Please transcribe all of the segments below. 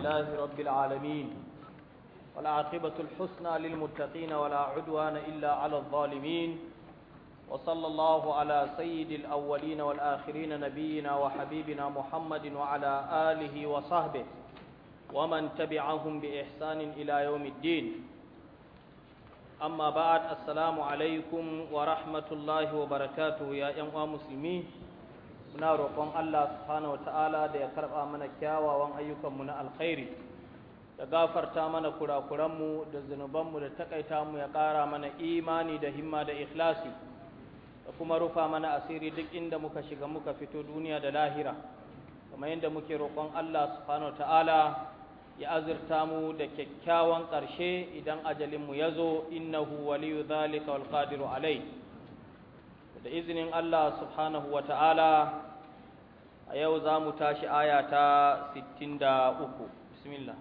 لله رب العالمين والعاقبة الحسنى للمتقين ولا عدوان إلا على الظالمين وصلى الله على سيد الأولين والآخرين نبينا وحبيبنا محمد وعلى آله وصحبه ومن تبعهم بإحسان إلى يوم الدين أما بعد السلام عليكم ورحمة الله وبركاته يا أيها المسلمين muna roƙon Allah subhanahu ta'ala da ya karɓa mana kyawawan ayyukanmu na alkhairi da gafarta mana kurakuranmu da zunubanmu da taƙaita mu ya ƙara mana imani da himma da ikhlasi da kuma rufa mana asiri duk inda muka shiga muka fito duniya da lahira kamar yadda muke roƙon Allah subhanahu ta'ala ya azurta mu da kyakkyawan ƙarshe idan ajalinmu ya zo innahu waliyu zalika wal qadiru alai da izinin Allah subhanahu wa ta'ala a yau za mu tashi aya ta 63 bismillah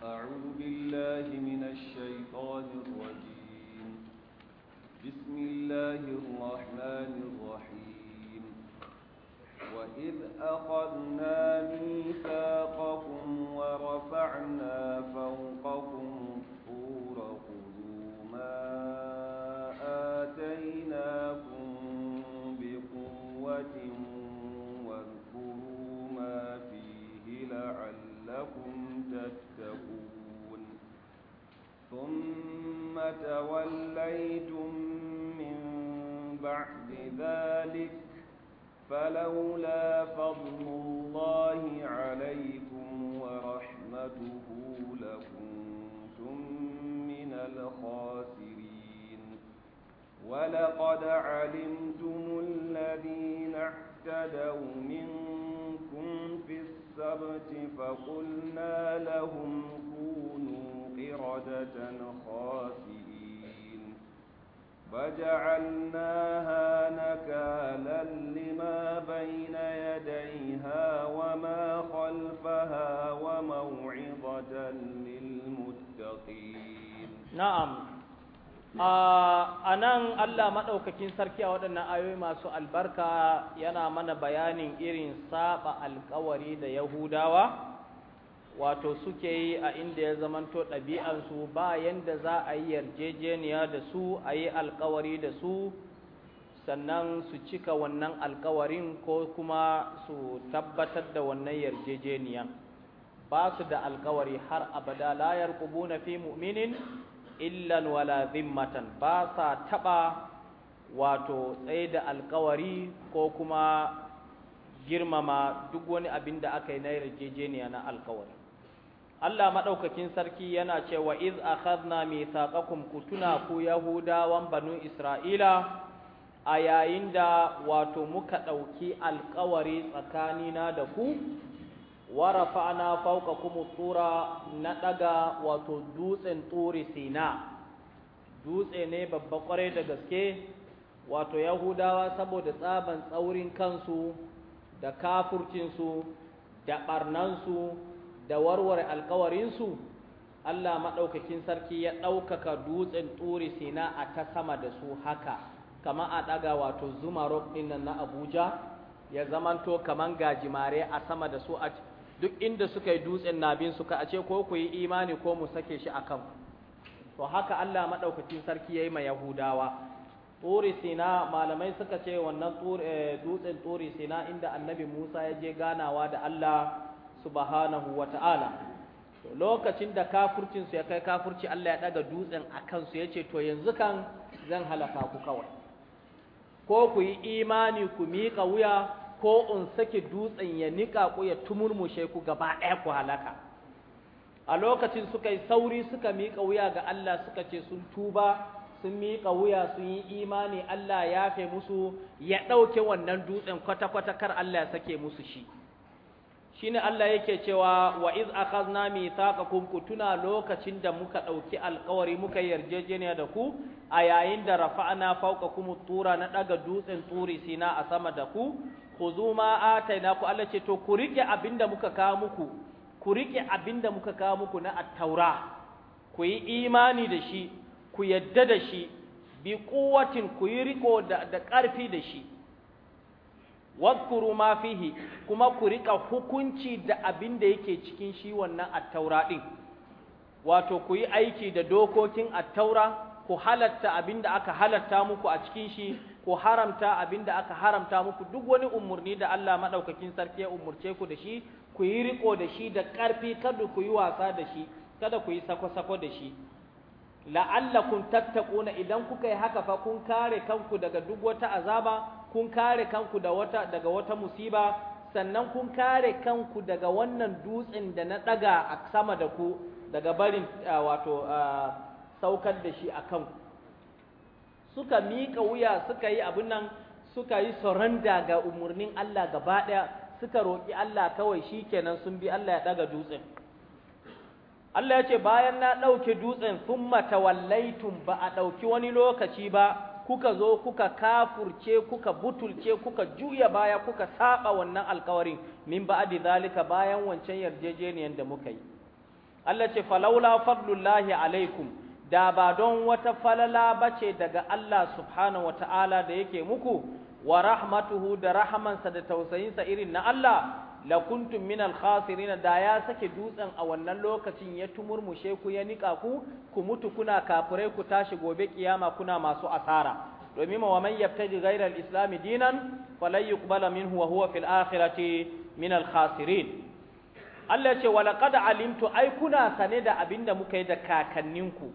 أعوذ بالله من الشيطان الرجيم بسم الله الرحمن الرحيم وإذ أخذنا ميثاقكم ورفعنا فوقكم ثم توليتم من بعد ذلك فلولا فضل الله عليكم ورحمته لكنتم من الخاسرين ولقد علمتم الذين اعتدوا منكم في السبت فقلنا لهم كونوا وقردة خاسئين فجعلناها نكالا لما بين يديها وما خلفها وموعظة للمتقين نعم a Allah maɗaukakin sarki a waɗannan ayoyi masu albarka yana mana bayanin irin saba alkawari da Yahudawa wato suke yi a inda ya zamanto ɗabi'ansu ba yadda za a yi yarjejeniya da su a yi alkawari da su sannan su cika wannan alkawarin ko kuma su tabbatar da wannan yarjejeniya ba su da alkawari har abada kubu na fi mu'minin illan wala zimmatan ba sa taɓa wato tsaye da alkawari ko kuma girmama duk wani abin da aka yi na yarjejeniya na alkawari Allah maɗaukakin sarki yana cewa iz akhadna mithaqakum kutuna ku yahudawan banu isra'ila a yayin da wato muka ɗauki alƙawari tsakanina da ku wa rafa'na kuma tura na daga wato dutsen turi sina dutse ne babba kware da gaske wato yahudawa saboda tsaban tsaurin kansu da kafurcinsu da ɓarnansu da warware alkawarinsu Allah maɗaukakin sarki ya ɗaukaka dutsen turi sina a ta sama da su haka kama a ɗaga wato zuma rock ɗinnan na abuja ya zamanto kaman gajimare a sama da su a duk inda suka yi dutsen nabin suka a ce ko ku yi imani ko mu sake shi a kan to haka Allah maɗaukakin sarki ya yi ma yahudawa turi sina malamai suka ce wannan eh, dutsen turi sina inda annabi musa ya je ganawa da Allah subhanahu wa ta'ala lokacin da kafurcinsu ya kai kafurci Allah ya daga dutsen a kansu ya ce to yanzu kan zan halaka ku kawai ko ku yi imani ku miƙa wuya ko in saki dutsen ya niƙa ku ya tumurmushe ku gaba ɗaya ku halaka a lokacin suka yi sauri suka mika wuya ga Allah suka ce sun tuba sun mika wuya sun yi imani Allah ya fe musu ya ɗauke wannan dutsen kwata-kwata kar Allah ya sake musu shi shine Allah yake cewa wa iz akhadna mithaqakum kutuna lokacin da muka ɗauki alƙawari muka yarjejeniya da ku a yayin da rafa'na fawqakum tura na ɗaga dutsen turi sina a sama da ku khuzu ma ataina ku Allah ce to ku rike abinda muka kawo muku ku rike abinda muka kawo muku na at-taura ku yi imani da shi ku yadda da shi bi kuwatin ku yi riko da ƙarfi da shi wadkuru ma fihi kuma ku rika hukunci da abin da yake cikin shi wannan attaura ɗin? wato ku yi aiki da dokokin attaura ku halatta abin da aka halatta muku a cikin shi ku haramta abin da aka haramta muku duk wani umarni da Allah madaukakin sarki ya umarce ku da shi ku yi riko da shi da ƙarfi kada ku yi wasa da shi kada ku yi sako-sako da shi la'allakum tattaquna idan kuka yi haka fa kun kare kanku daga duk wata azaba kun kare kanku daga wata musiba sannan kun kare kanku daga wannan dutsen da na daga a sama da ku daga barin wato saukar da shi a kanku suka mika wuya suka yi abin nan suka yi soranda ga umarnin Allah gaba ɗaya suka roƙi Allah kawai shi kenan sun bi Allah ya ɗaga dutsen Allah ya ce bayan na ɗauke dutsen sun wallaitun ba a ɗauki wani lokaci ba kuka zo kuka kafurce kuka butulce kuka juya baya kuka saba wannan alkawarin min ba'di zalika bayan wancan yarjejeniyar da muka yi Allah ce falaula fadlullahi alaikum da ba don wata falala bace daga Allah subhanahu wataala da yake muku wa rahmatuhu da rahamansa da tausayinsa irin na Allah lakuntum min al-khasirin da ya sake dutsen a wannan lokacin ya tumurmushe ku ya nika ku ku mutu kuna kafirai ku tashi gobe kiyama kuna masu asara domin wa man yabtaji ghayra al-islam dinan falan yuqbala minhu wa huwa fil akhirati min al-khasirin Allah ce wa alimtu ai kuna sane da abinda muka yi da kakanninku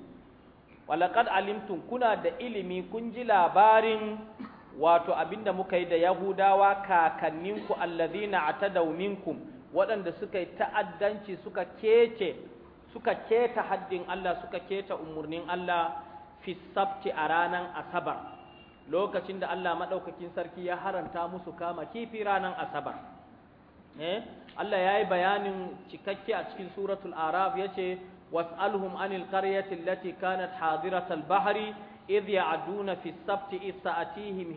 wa laqad alimtum kuna da ilimi kun ji labarin wato abinda muka yi da yahudawa kakanninku allazina atadaw minkum waɗanda suka yi ta'addanci suka kece suka keta haddin Allah suka keta umurnin Allah fi sabti a ranan asabar lokacin da Allah madaukakin sarki ya haranta musu kama kifi ranan asabar eh Allah yayi bayanin cikakke a cikin suratul araf yace was'alhum anil qaryati allati kanat hadiratal bahri إذ يعدون في السبت إذ تأتيهم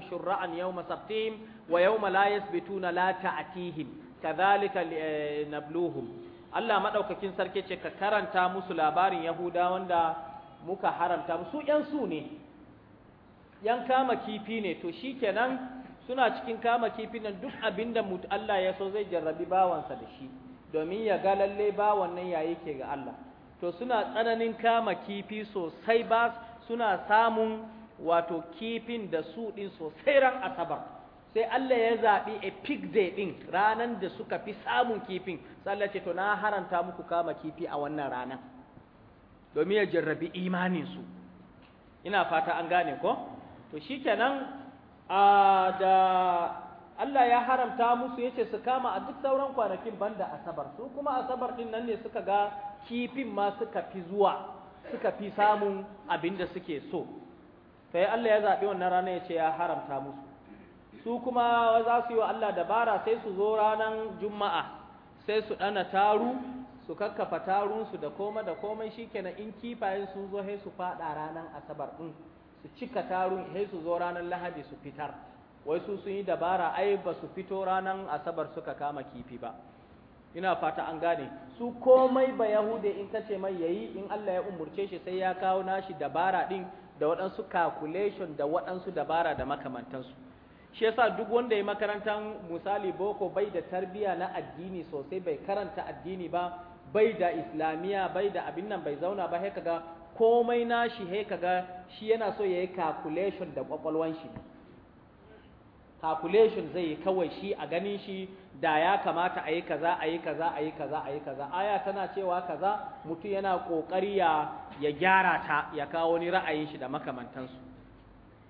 wa شرعا يوم سبتهم ويوم لا يثبتون لا تأتيهم كذلك نبلوهم Allah maɗaukakin sarki ce ka karanta musu labarin Yahuda wanda muka haramta musu ‘yan su ne, ‘yan kama kifi ne, to shi kenan suna cikin kama kifi nan duk abinda da Allah ya so zai jarrabi bawansa da shi, domin ya ga lalle bawan nan yayi ke ga Allah. To suna tsananin kama kifi sosai ba suna samun wato kifin da su ɗin sosai ran asabar sai Allah ya zaɓi a pig day ɗin ranan da suka fi samun kifin sai ce to na haranta muku kama kifi a wannan ranar. domin ya jarrabi imaninsu ina fata an gane ko to shikenan a da Allah ya haramta musu yace su kama a duk sauran kwanakin banda asabar su kuma asabar ɗin nan ne suka ga kifin ma suka fi zuwa suka fi samun abin da suke so sai Allah ya zaɓi wannan rana ya ce ya haramta musu su kuma za su yi wa Allah dabara sai su zo ranar juma'a sai su ɗana taru su kakkafa tarunsu da koma da komai shikenan in kifayen sun zo sai su faɗa ranar asabar ɗin su cika tarun sai su zo ranar lahadi su fitar wai su sun yi dabara ai ba su fito ranar asabar suka kama kifi ba ina fata an gane su komai ba yahude in ta ce mai yayi in Allah ya umurce shi sai ya kawo nashi dabara din da waɗansu calculation da waɗansu dabara da makamantansu shi yasa duk wanda ya makarantar misali boko bai da tarbiya na addini sosai bai karanta addini ba bai da islamiya bai da abin nan bai zauna ba sai kaga komai nashi sai kaga shi yana so ya yi calculation da kwakwalwan shi calculation zai yi kawai shi a ganin shi da ya kamata a yi kaza a yi kaza a yi kaza a yi kaza aya tana cewa kaza mutum yana ƙoƙari ya gyara ta ya kawo ni ra'ayin shi da makamantansu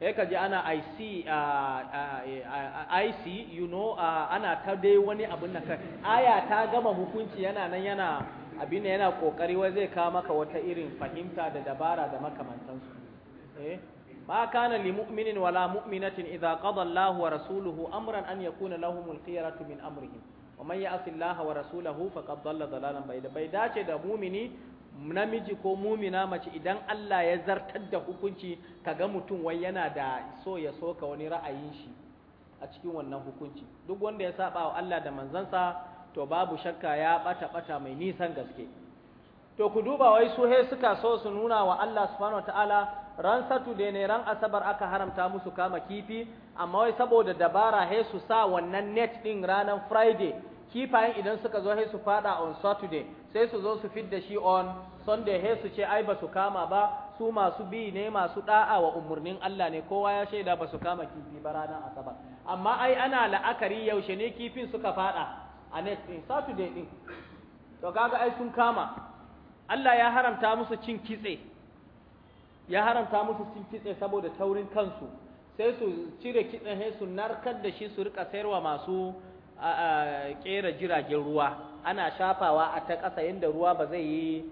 sai ka ji ana IC, uh, uh, you know uh, ana ta dai wani abin da kai aya ta gama hukunci yana nan yana abin da yana ƙoƙari wai zai kawo maka wata irin fahimta da dabara da makamantansu eh? ma mu'minin wala mu'minatin idza qada Allah wa rasuluhu amran an yakuna lahumul khiyaratu min amrihim wa man ya'si Allah wa rasulahu faqad dalla dalalan bai dace da mumini namiji ko mumina mace idan Allah ya zartar da hukunci kaga mutum wai yana da so ya soka wani ra'ayin shi a cikin wannan hukunci duk wanda ya saba wa Allah da manzansa to babu shakka ya bata bata mai nisan gaske to ku duba wai su he suka so su nuna wa Allah subhanahu wataala ran saturday ne ran asabar aka haramta musu kama kifi amma wai saboda dabara he su sa wannan net din ranan friday kifayen idan suka zo he su fada on saturday sai su zo su fidda shi on sunday he su ce ai ba su kama ba su masu bi ne masu da'a wa umurnin Allah ne kowa ya shaida ba su kama kifi ba ranar asabar amma ai ana la'akari yaushe ne kifin suka fada a net din saturday din to kaga ai sun kama Allah ya haramta musu cin kitse ya haramta musu cin kitse saboda taurin kansu sai su cire kitsen sai su narkar da shi su rika sayarwa masu kera jiragen ruwa ana shafawa a ta ƙasa yadda ruwa ba zai yi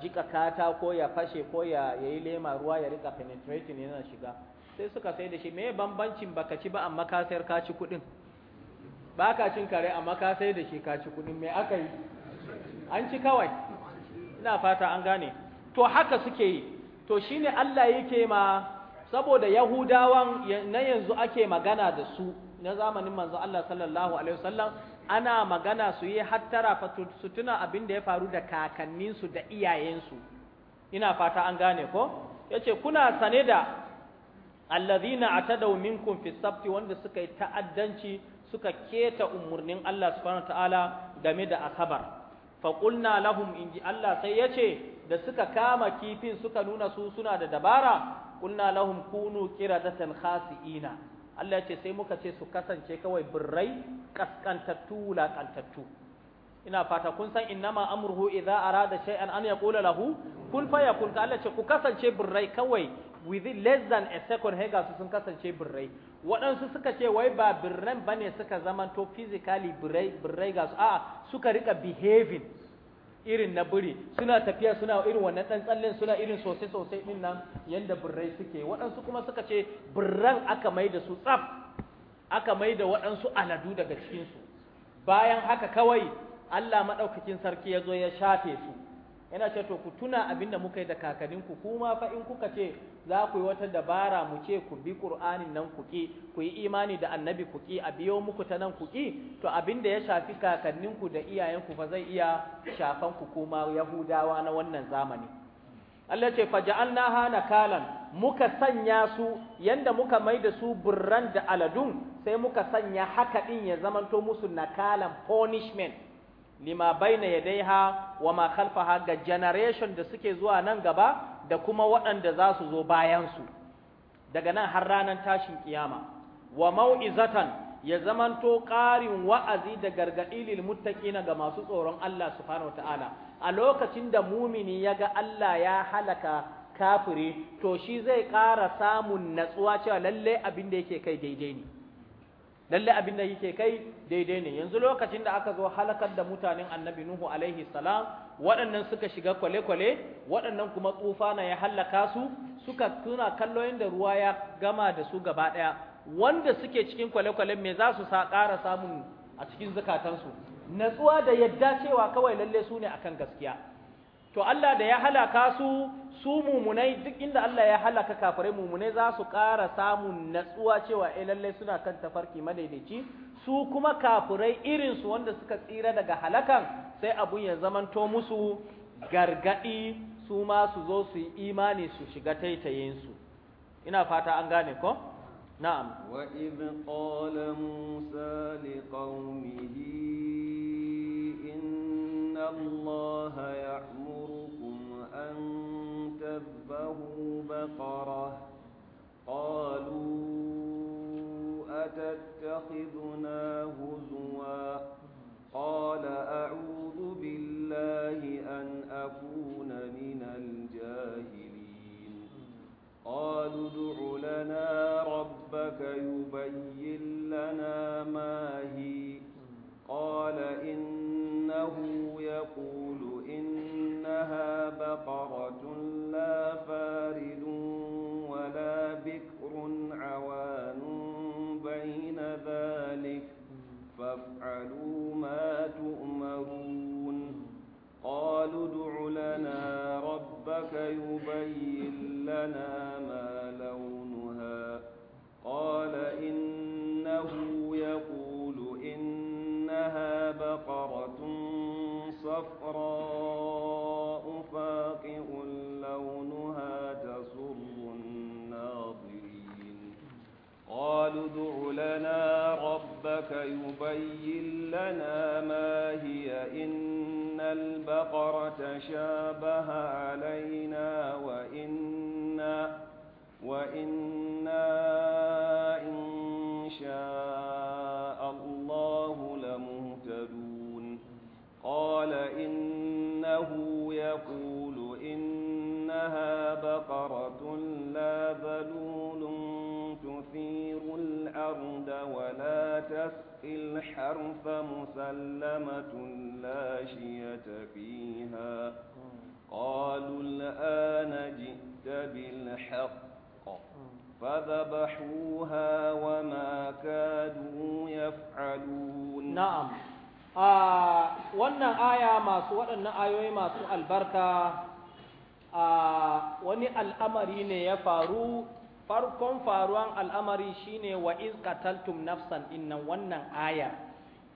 jika kata ko ya fashe ko ya yi lema ruwa ya rika penetrating yana shiga sai suka sai da shi me bambancin baka ci ba amma ka sayar ka ci kuɗin ba ka cin kare amma ka sai da shi ka ci kuɗin me aka yi an ci kawai ina fata an gane to haka suke yi to shi ne Allah yake ma saboda yahudawan na yanzu ake magana da su na zamanin manzo Allah sallallahu alaihi wasallam ana magana su yi hattara fa su tuna abin da ya faru da kakanninsu da iyayensu ina fata an gane ko Ya ce kuna sane da a ta minkum fi sabti wanda suka yi ta'addanci suka keta umarnin Allah subhanahu wa ta'ala game da asabar faƙulna lahum in ji Allah sai ya ce da suka kama kifin suka nuna su suna da dabara ƙulna lahum kunu kiradatan Ina. Allah ya ce sai muka ce su kasance kawai birrai ƙasƙantattu wulaƙantattu ina fata kun san innama idan idza arada shay'an an yaqula lahu kun fayakun ka Allah ce ku kasance birrai kawai within less than a second hega su sun kasance birrai waɗansu suka ce wai ba birran ba ne suka zamanto physically birrai birrai ga su a'a suka rika behaving irin na biri suna tafiya suna irin wannan ɗan tsallin suna irin sosai sosai ɗin nan yanda birrai suke waɗansu kuma suka ce birran aka mai da su tsaf aka mai da waɗansu aladu daga cikinsu bayan haka kawai Allah maɗaukakin sarki ya zo ya shafe su yana ce to ku tuna abin da muka yi da kakanninku kuma fa in kuka ce za ku yi wata dabara mu ce ku bi qur'anin nan ku ki ku yi imani da annabi ku ki a biyo muku ta nan ku ki to abin da ya shafi kakanninku da iyayenku fa zai iya shafan ku kuma yahudawa na wannan zamani Allah ce na Kalan muka sanya su yanda muka mai da su burran da aladun sai muka sanya haka din ya zamanto musu nakalan punishment lima baina yadaiha wa ma khalfaha ga generation da suke zuwa nan gaba da kuma waɗanda za su zo bayan su daga nan har ranar tashin kiyama wa mau'izatan ya zamanto ƙarin wa'azi da gargaɗi lil muttaqina ga masu tsoron Allah subhanahu wataala a lokacin da mumini ya ga Allah ya halaka kafiri to shi zai ƙara samun natsuwa cewa lalle abin da yake kai daidai ne lalle abin da yake kai daidai ne yanzu lokacin da aka zo halakar da mutanen annabi nuhu alaihi salam waɗannan suka shiga kwale-kwale waɗannan kuma tsufa na ya halaka su suka tuna kallo yadda ruwa ya gama da su gaba ɗaya wanda suke cikin kwale-kwale me za su ƙara samun a cikin zukatansu natsuwa da yadda cewa kawai lalle su ne akan gaskiya to Allah da ya halaka su su mumunai duk inda Allah ya halaka kafirai mumunai za su ƙara samun natsuwa cewa eh lalle suna kan tafarki madaidaici su kuma kafirai irin su wanda suka tsira daga halakan sai abun ya zamanto musu gargadi su ma su zo su yi imani su shiga taitayen su ina fata an gane ko na'am wa qala musa inna allaha ya'lamu فَشَبَّهُ بَقَرَةً قَالُوا أَتَتَّخِذُنَا هُزُوًا قَالَ أَعُوذُ بِاللَّهِ أَنْ أَكُونَ مِنَ الْجَاهِلِينَ قَالُوا ادْعُ لَنَا رَبَّكَ يُبَيِّن لَّنَا مَا هِيَ قال إنه يقول إنها بقرة لا فارد ولا بكر عوان بين ذلك فافعلوا ما تؤمرون قالوا ادع لنا ربك يبين لنا ما أخرى masu waɗannan ayoyi masu albarka a wani al'amari ne ya faru farkon faruwan al'amari shine wa iska taltum nafsan innan wannan aya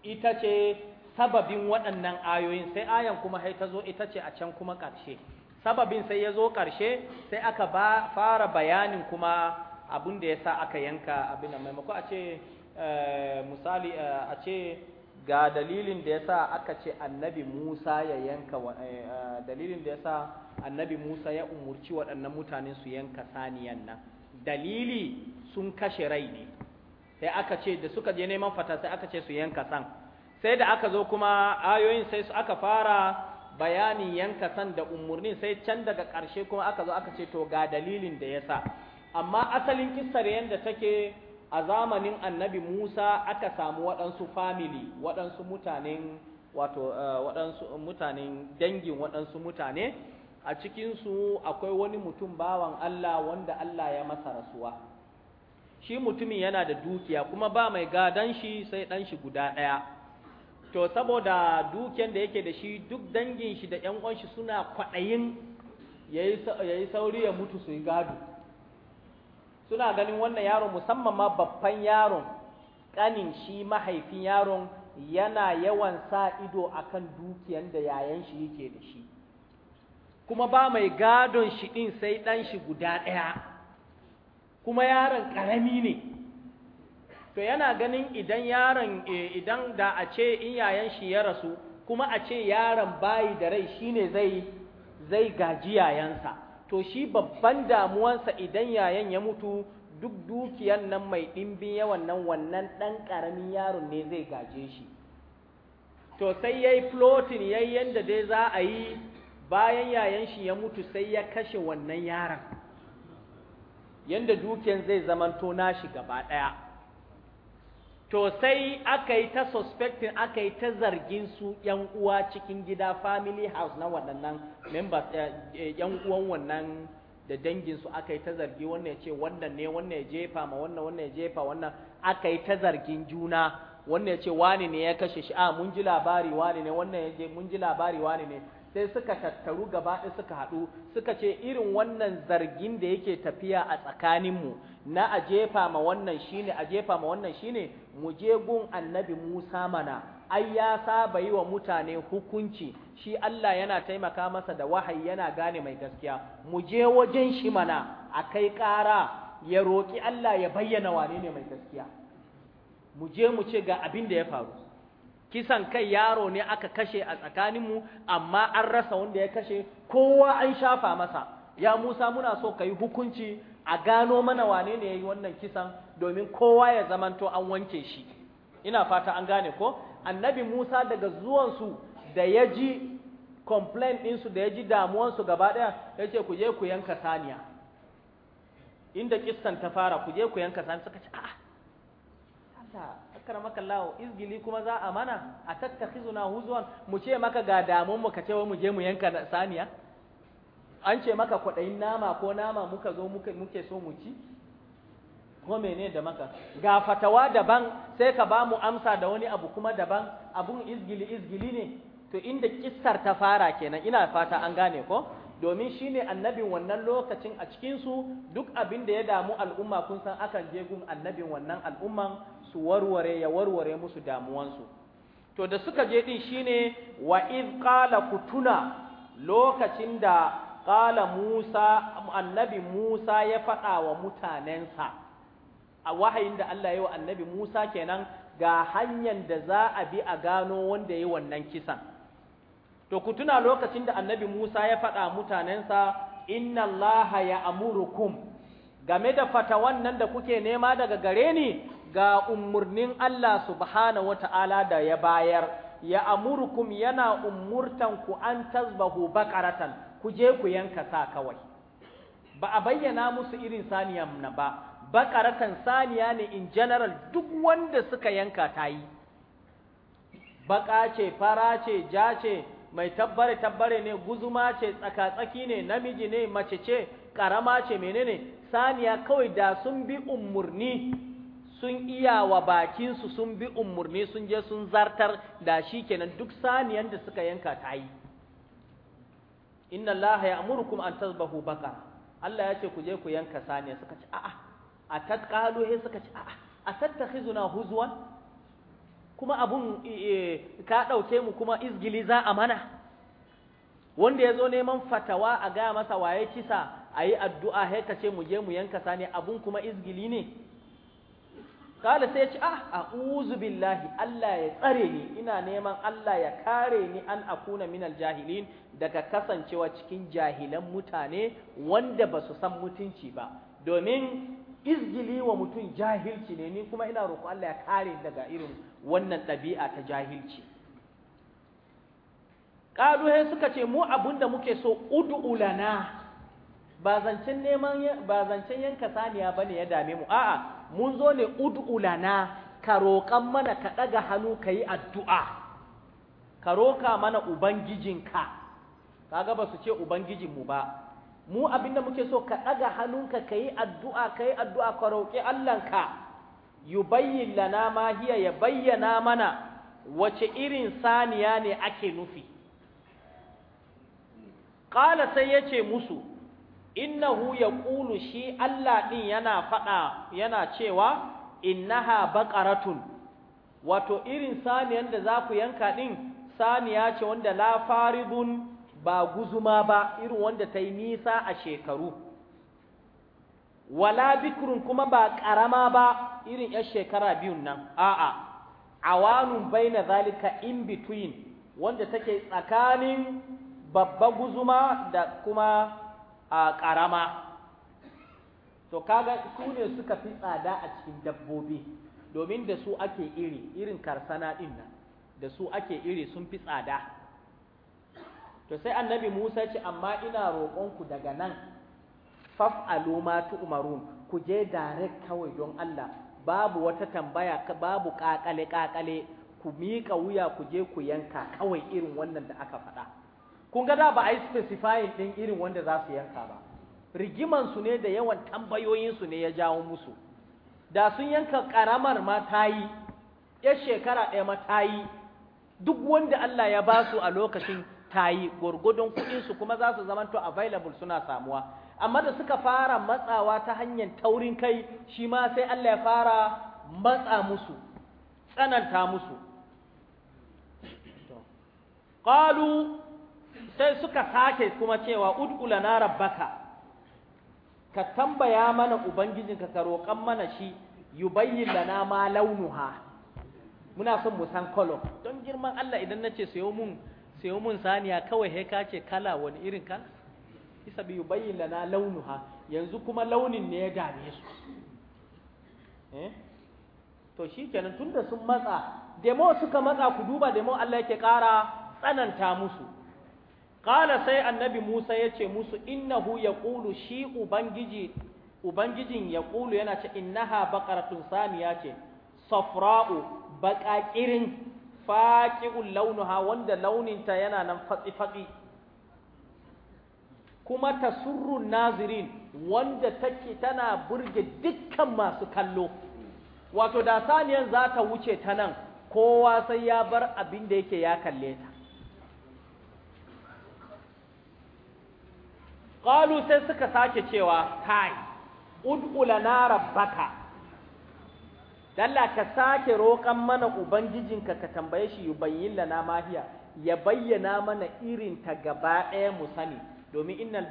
ita ce sababin waɗannan ayoyin sai ayan kuma haita zo ita ce a can kuma ƙarshe sababin sai ya zo ƙarshe sai aka ba, fara bayanin kuma abin da ya sa aka yanka abin da maimako a ce eh, misali eh, a ce ga dalilin da yasa aka ce annabi Musa ya yanka eh, eh, dalilin da yasa annabi Musa ya umurci waɗannan mutane su yanka saniyan nan dalili sun kashe rai ne sai aka ce da suka je neman fata sai aka ce su yanka san sai da aka zo kuma ayoyin sai su aka fara bayanin yanka san da umurnin sai can daga ƙarshe kuma aka zo aka ce to ga dalilin da yasa amma asalin kissar yanda take a zamanin annabi Musa aka samu waɗansu family waɗansu mutanen wato eh, waɗansu mutanen dangin waɗansu mutane a cikinsu akwai wani mutum bawan Allah wanda Allah ya masa rasuwa shi mutumin yana da dukiya kuma ba mai gadon shi sai ɗan shi guda ɗaya to saboda dukiyan da yake da shi duk dangin shi da shi suna kwaɗayin yayi yi sauri ya mutu su yi gado suna ganin wannan yaron musamman ma babban yaron ƙanin shi mahaifin yaron yana yawan sa ido akan dukiyan da yayan shi yake da shi kuma ba mai gadon shi din sai ɗan shi guda ɗaya kuma yaron ƙarami ne to yana ganin idan yaron eh, idan da a ce in yayan shi ya rasu kuma a ce yaron bayi da rai shine zai zai gaji yayansa to shi babban damuwansa idan yayan ya mutu duk dukiyan nan mai ɗimbin yawan nan wannan ɗan ƙaramin yaron ne zai gaje shi to sai ya yi flotin ya yi yadda dai za a yi bayan yayan shi ya mutu sai ya kashe wannan yaron yadda dukiyan zai zamanto nashi gaba ɗaya to sai aka yi ta suspecting aka yi ta zargin su yan uwa cikin gida family house na waɗannan members eh, eh, yan uwan wannan da dangin su aka yi ta zargi wannan ya ce wannan ne wannan ya jefa ma wannan wannan ya jefa wannan aka yi ta zargin juna wannan ya ce wani ne ya kashe shi a ah, mun ji labari wani ne wannan ya je mun ji labari wani ne sai suka tattaru gaba ɗaya suka haɗu suka ce irin wannan zargin da yake tafiya a tsakaninmu na a jefa ma wannan shine a jefa ma wannan shine mu je gun annabi Musa mana ai ya saba yi wa mutane hukunci shi Allah yana taimaka masa da wahayi yana gane mai gaskiya mu je wajen shi mana a kai ƙara ya roƙi Allah ya bayyana wane ne mai gaskiya mu je mu ce ga abin da ya faru kisan kai yaro ne aka kashe a tsakaninmu amma an rasa wanda ya kashe kowa an shafa masa ya Musa muna so ka yi hukunci a gano mana wane ne ya yi wannan kisan domin kowa ya zamanto an wanke shi ina fata an gane ko annabi Musa daga zuwansu da ya ji complaint ɗinsu da ya ji damuwansu gaba ɗaya ya ce ku je ku yanka saniya inda kistan ta fara ku je ku yanka saniya suka ce a'a maka Allah izgili kuma za a mana a tattakhizuna huzwan mu ce maka ga damun mu ka ce mu je mu yanka saniya an ce maka kwadayin nama ko nama muka zo muke so mu ci ko mene da maka ga fatawa daban sai ka ba mu amsa da wani abu kuma daban abun izgili izgili ne to inda kissar ta fara kenan ina fata an gane ko domin shi ne annabin wannan lokacin a cikinsu duk abin da ya damu al'umma kun san akan je gun annabin wannan al'umman su warware ya warware musu damuwansu to da suka je din ne wa ƙala ku kutuna lokacin da ƙala Musa annabi Musa ya faɗa wa mutanensa a wahayin da Allah ya yi wa annabi Musa kenan ga hanyar da za a bi a gano wanda ya yi wannan kisan to ku tuna lokacin da annabi Musa ya faɗa mutanensa inna Allah ya amurukum game da fatawan nan da kuke nema daga gare ni ga umurnin Allah subhanahu wata'ala da ya bayar ya amurukum yana umurtan ku an tasbahu bakaratan, ku je ku yanka sa kawai ba a bayyana musu irin saniya na ba bakaratan saniya ne in general duk wanda suka yanka tayi baka ce fara ce ja ce mai tabbare tabbare ne guzuma ce tsakatsaki ne namiji ne mace ce karama ce menene saniya kawai da sun bi umurni sun iya wa bakinsu sun bi umurni sun je sun zartar da shi kenan duk saniyan da suka yanka ta yi inna ya ya'murukum an tasbahu baka. Allah ya ce ku je ku yanka saniya suka ce a'a a tatqalu he suka ce a'a atattakhizuna huzwan kuma abun ka ɗauke mu kuma izgili za a mana wanda ya zo neman fatawa a gaya masa waye kisa a yi addu'a haika ce mu je mu yanka sani abun kuma izgili ne kala sai ya ci ah a'udhu billahi Allah ya tsare ni ina neman Allah ya kare ni an akuna minal jahilin daga kasancewa cikin jahilan mutane wanda ba su san mutunci ba domin izgili wa mutum jahilci ne ni kuma ina roƙo Allah ya kare daga irin wannan ɗabi'a ta jahilci ƙaluhe suka ce mu abin da muke so ud'u lana ba zancen yanka saniya ba ne ya dame mu a'a mun zo ne ud'u lana ka roƙan mana ka ɗaga hannu ka yi addu'a ka roƙa mana ubangijinka kaga ba su ce ubangijinmu ba mu abinda muke so ka ɗaga hannunka ka yi addu'a ka yi addu'a ka roƙi Allahnka yubayyin lana mahiya hiya ya bayyana mana wace irin saniya ne ake nufi ƙala sai ya ce musu innahu ya ƙulu shi Allah ɗin yana faɗa yana cewa innaha baƙaratun wato irin saniyan da za ku yanka ɗin saniya ce wanda la faridun ba guzuma ba irin wanda ta yi nisa a shekaru wala bikrun kuma ba ƙarama ba irin 'yar shekara biyun nan a'a awanun baina zalika in between wanda take tsakanin babba guzuma da kuma a karama. to kaga su ne suka fi tsada a cikin dabbobi domin da su ake iri irin karsana ɗin nan da su ake iri sun fi tsada to sai annabi Musa ce amma ina roƙonku daga nan faf'alu ma tu'marun ku je direct kawai don Allah babu wata tambaya babu kakale kakale ku miƙa wuya ku je ku yanka kawai irin wannan da aka faɗa kun ga da ba a yi specifying ɗin irin wanda za su yanka ba rigiman su ne da yawan tambayoyin su ne ya jawo musu da sun yanka ƙaramar ma ta yi ya shekara ɗaya ma ta yi duk wanda Allah ya ba su a lokacin ta yi gwargwadon kuɗinsu kuma za su to available suna samuwa amma da suka fara matsawa ta hanyar taurin kai shi ma sai Allah ya fara matsa musu tsananta musu qalu sai suka sake kuma cewa ud'ula na rabbaka ka tambaya mana ubangijin ka roƙan mana shi yubayyin lana ma launuha muna son mu san color don girman Allah idan nace sayo mun sai mun saniya kawai he kala wani irin kala isa biyu na lana ha, yanzu kuma launin ne ya dame su eh? shi to shikenan tunda sun matsa demo suka matsa ku duba demo Allah yake ƙara tsananta musu Kala sai annabi Musa ya ce musu innahu kulu shi ubangiji ubangijin kulu yana ce innaha bakaratun saniya ce safra'u baƙaƙirin faqi'ul launuha wanda launinta yana nan fatsi-fatsi kuma ta surrun nazirin wanda take tana burge dukkan masu kallo wato da saniyan za ta wuce ta nan kowa sai ya bar abin da yake ya kalle ta ƙalu sai suka sake cewa kai ud'ulana rabbaka dalla ka sake roƙan mana ubangijinka ka tambaye shi yubayyin lana mahiya ya bayyana mana irin ta gaba ɗaya mu sani domin innal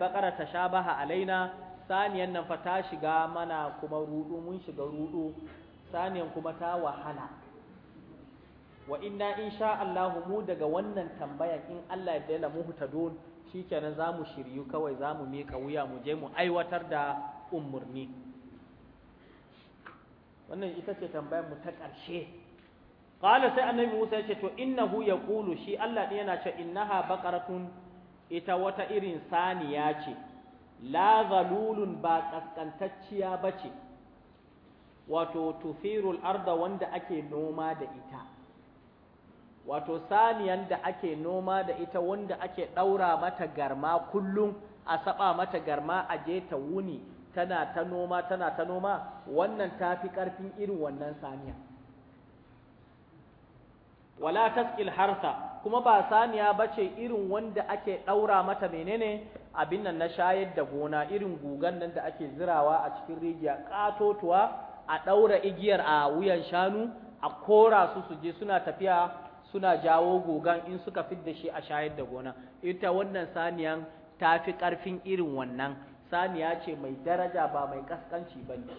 sha baha alaina saniyan nan fa ta shiga mana kuma rudu mun shiga ruɗu saniyan kuma ta wahala wa inna insha Allah mu daga wannan tambayan in Allah ya daina mu don shikenan zamu shiryu kawai zamu miƙa wuya mu je mu aiwatar da umurni wannan ita ce tambayar mu ta ƙarshe qala sai annabi Musa ce to innahu yaqulu shi Allah din yana cewa innaha baqaratun ita wata irin saniya ce la zalulun ba kaskantacciya bace wato tufirul arda wanda ake noma da ita wato saniyan da ake noma da ita wanda ake ɗaura mata garma kullum a saba mata garma a je ta wuni tana ta noma tana ta noma wannan ta fi ƙarfin irin wannan saniya wala tasqil harsa kuma ba saniya ba ce irin wanda ake ɗaura mata menene abin nan na shayar da gona irin gugan nan da ake zirawa a cikin rijiya ƙatotuwa a ɗaura igiyar a wuyan shanu a kora su su je suna tafiya suna jawo gugan in suka fidda shi a shayar da gona ita wannan saniyan ta fi ƙarfin irin wannan saniya ce mai daraja ba mai kaskanci ba ne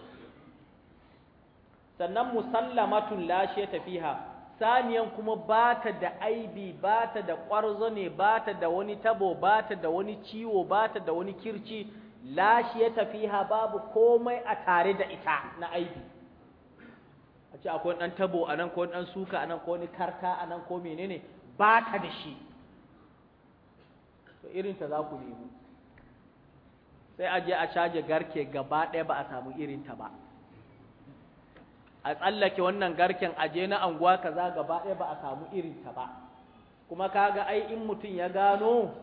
sannan musallamatun lashe tafiha saniyan kuma ba ta da aibi ba ta da ƙwarzo ne ba ta da wani tabo ba ta da wani ciwo ba ta da wani kirci lashe tafiha babu komai a tare da ita na aibi a ce akwai ɗan tabo a nan ko ɗan suka a nan ko wani karta a nan ko menene ba ta da shi to irinta za ku nemi sai a je a caje garke gaba ɗaya ba a samu irinta ba a tsallake wannan garken aje na anguwa kaza gaba ɗaya ba a samu irinta ba kuma kaga ai in mutum ya gano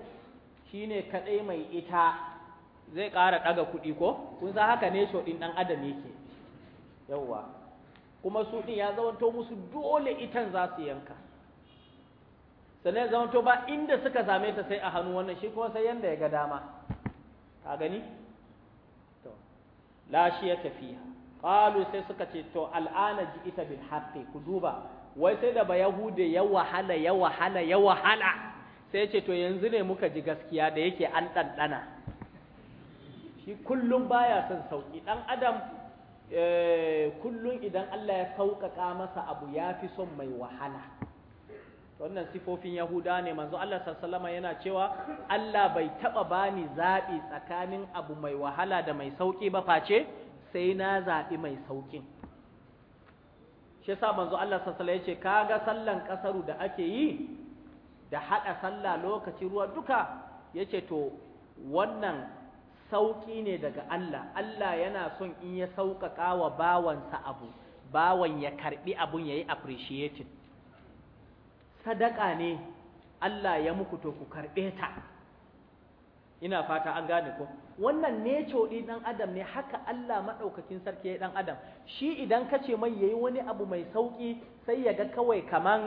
shine kaɗai mai ita zai ƙara ɗaga kuɗi ko kun san haka ne shoɗin ɗan adam yake yawwa kuma su ɗin ya zamanto musu dole itan za su yanka sannan ya zamanto ba inda suka same ta sai a hannu wannan shi kuma sai yanda ya ga dama ka gani to la ya tafiya qalu sai suka ce to al'ana ita bil haqqi ku duba wai sai da ba yahude ya wahala ya wahala ya wahala sai ce to yanzu ne muka ji gaskiya da yake an ɗanɗana shi kullum baya son sauƙi ɗan adam eh, kullum idan Allah ya sauƙaƙa masa abu ya fi son mai wahala wannan sifofin yahuda ne manzo Allah sallama yana cewa Allah bai taba bani zabi tsakanin abu mai wahala da mai sauki ba face sai na zabi mai saukin shi yasa manzo Allah wasallam yace kaga sallan kasaru da ake yi da hada sallah lokaci ruwa duka yace to wannan sauki ne daga Allah Allah yana son in ya sauƙaƙa wa bawansa abu bawan ya karbi abun yayi appreciating sadaka ne Allah ya muku to ku karɓe ta ina fata an gane ko wannan ne codi ɗan adam ne haka Allah maɗaukakin sarki ya ɗan adam shi idan ka ce mai yayi wani abu mai sauki sai ya ga kawai kaman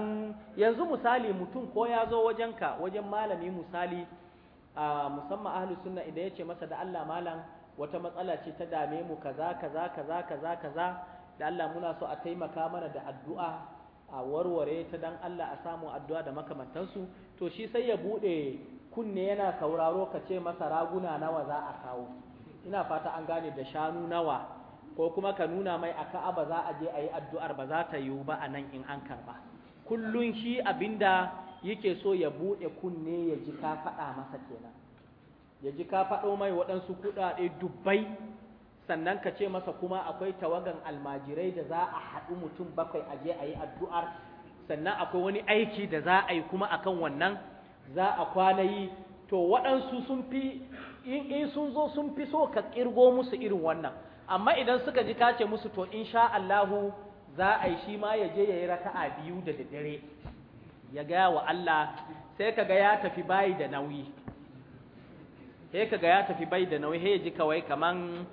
yanzu misali mutum ko ya zo wajenka wajen malami misali a musamman ahlu sunna idan ya ce masa da Allah malam wata matsala ce ta dame mu kaza kaza kaza kaza kaza da Allah muna so a taimaka mana da addu'a a warware ta dan Allah a samu addu'a da makamantansu to shi sai ya buɗe kunne yana sauraro ka ce masa raguna nawa za a kawo ina fata an gane da shanu nawa ko kuma ka nuna mai a ba za a je a yi addu'ar ba za ta yiwu ba a nan in an karba kullun shi abinda yake so ya buɗe kunne ya ji ka faɗa masa kenan ya ji ka faɗo mai waɗansu kuɗaɗe dubbai sannan ka ce masa kuma akwai tawagan almajirai da za a haɗu mutum bakwai a je a yi addu'ar sannan akwai wani aiki da za a yi kuma akan wannan za a kwana yi to waɗansu sun fi in sun zo sun fi so ka ƙirgo musu irin wannan amma idan suka ji kace musu to in sha Allahu za a yi shi ma ya je ya yi raka'a biyu da daddare ya gaya wa Allah sai kaga ya tafi bayi da nauyi sai kaga ya tafi bai da nauyi sai ya ji kawai kaman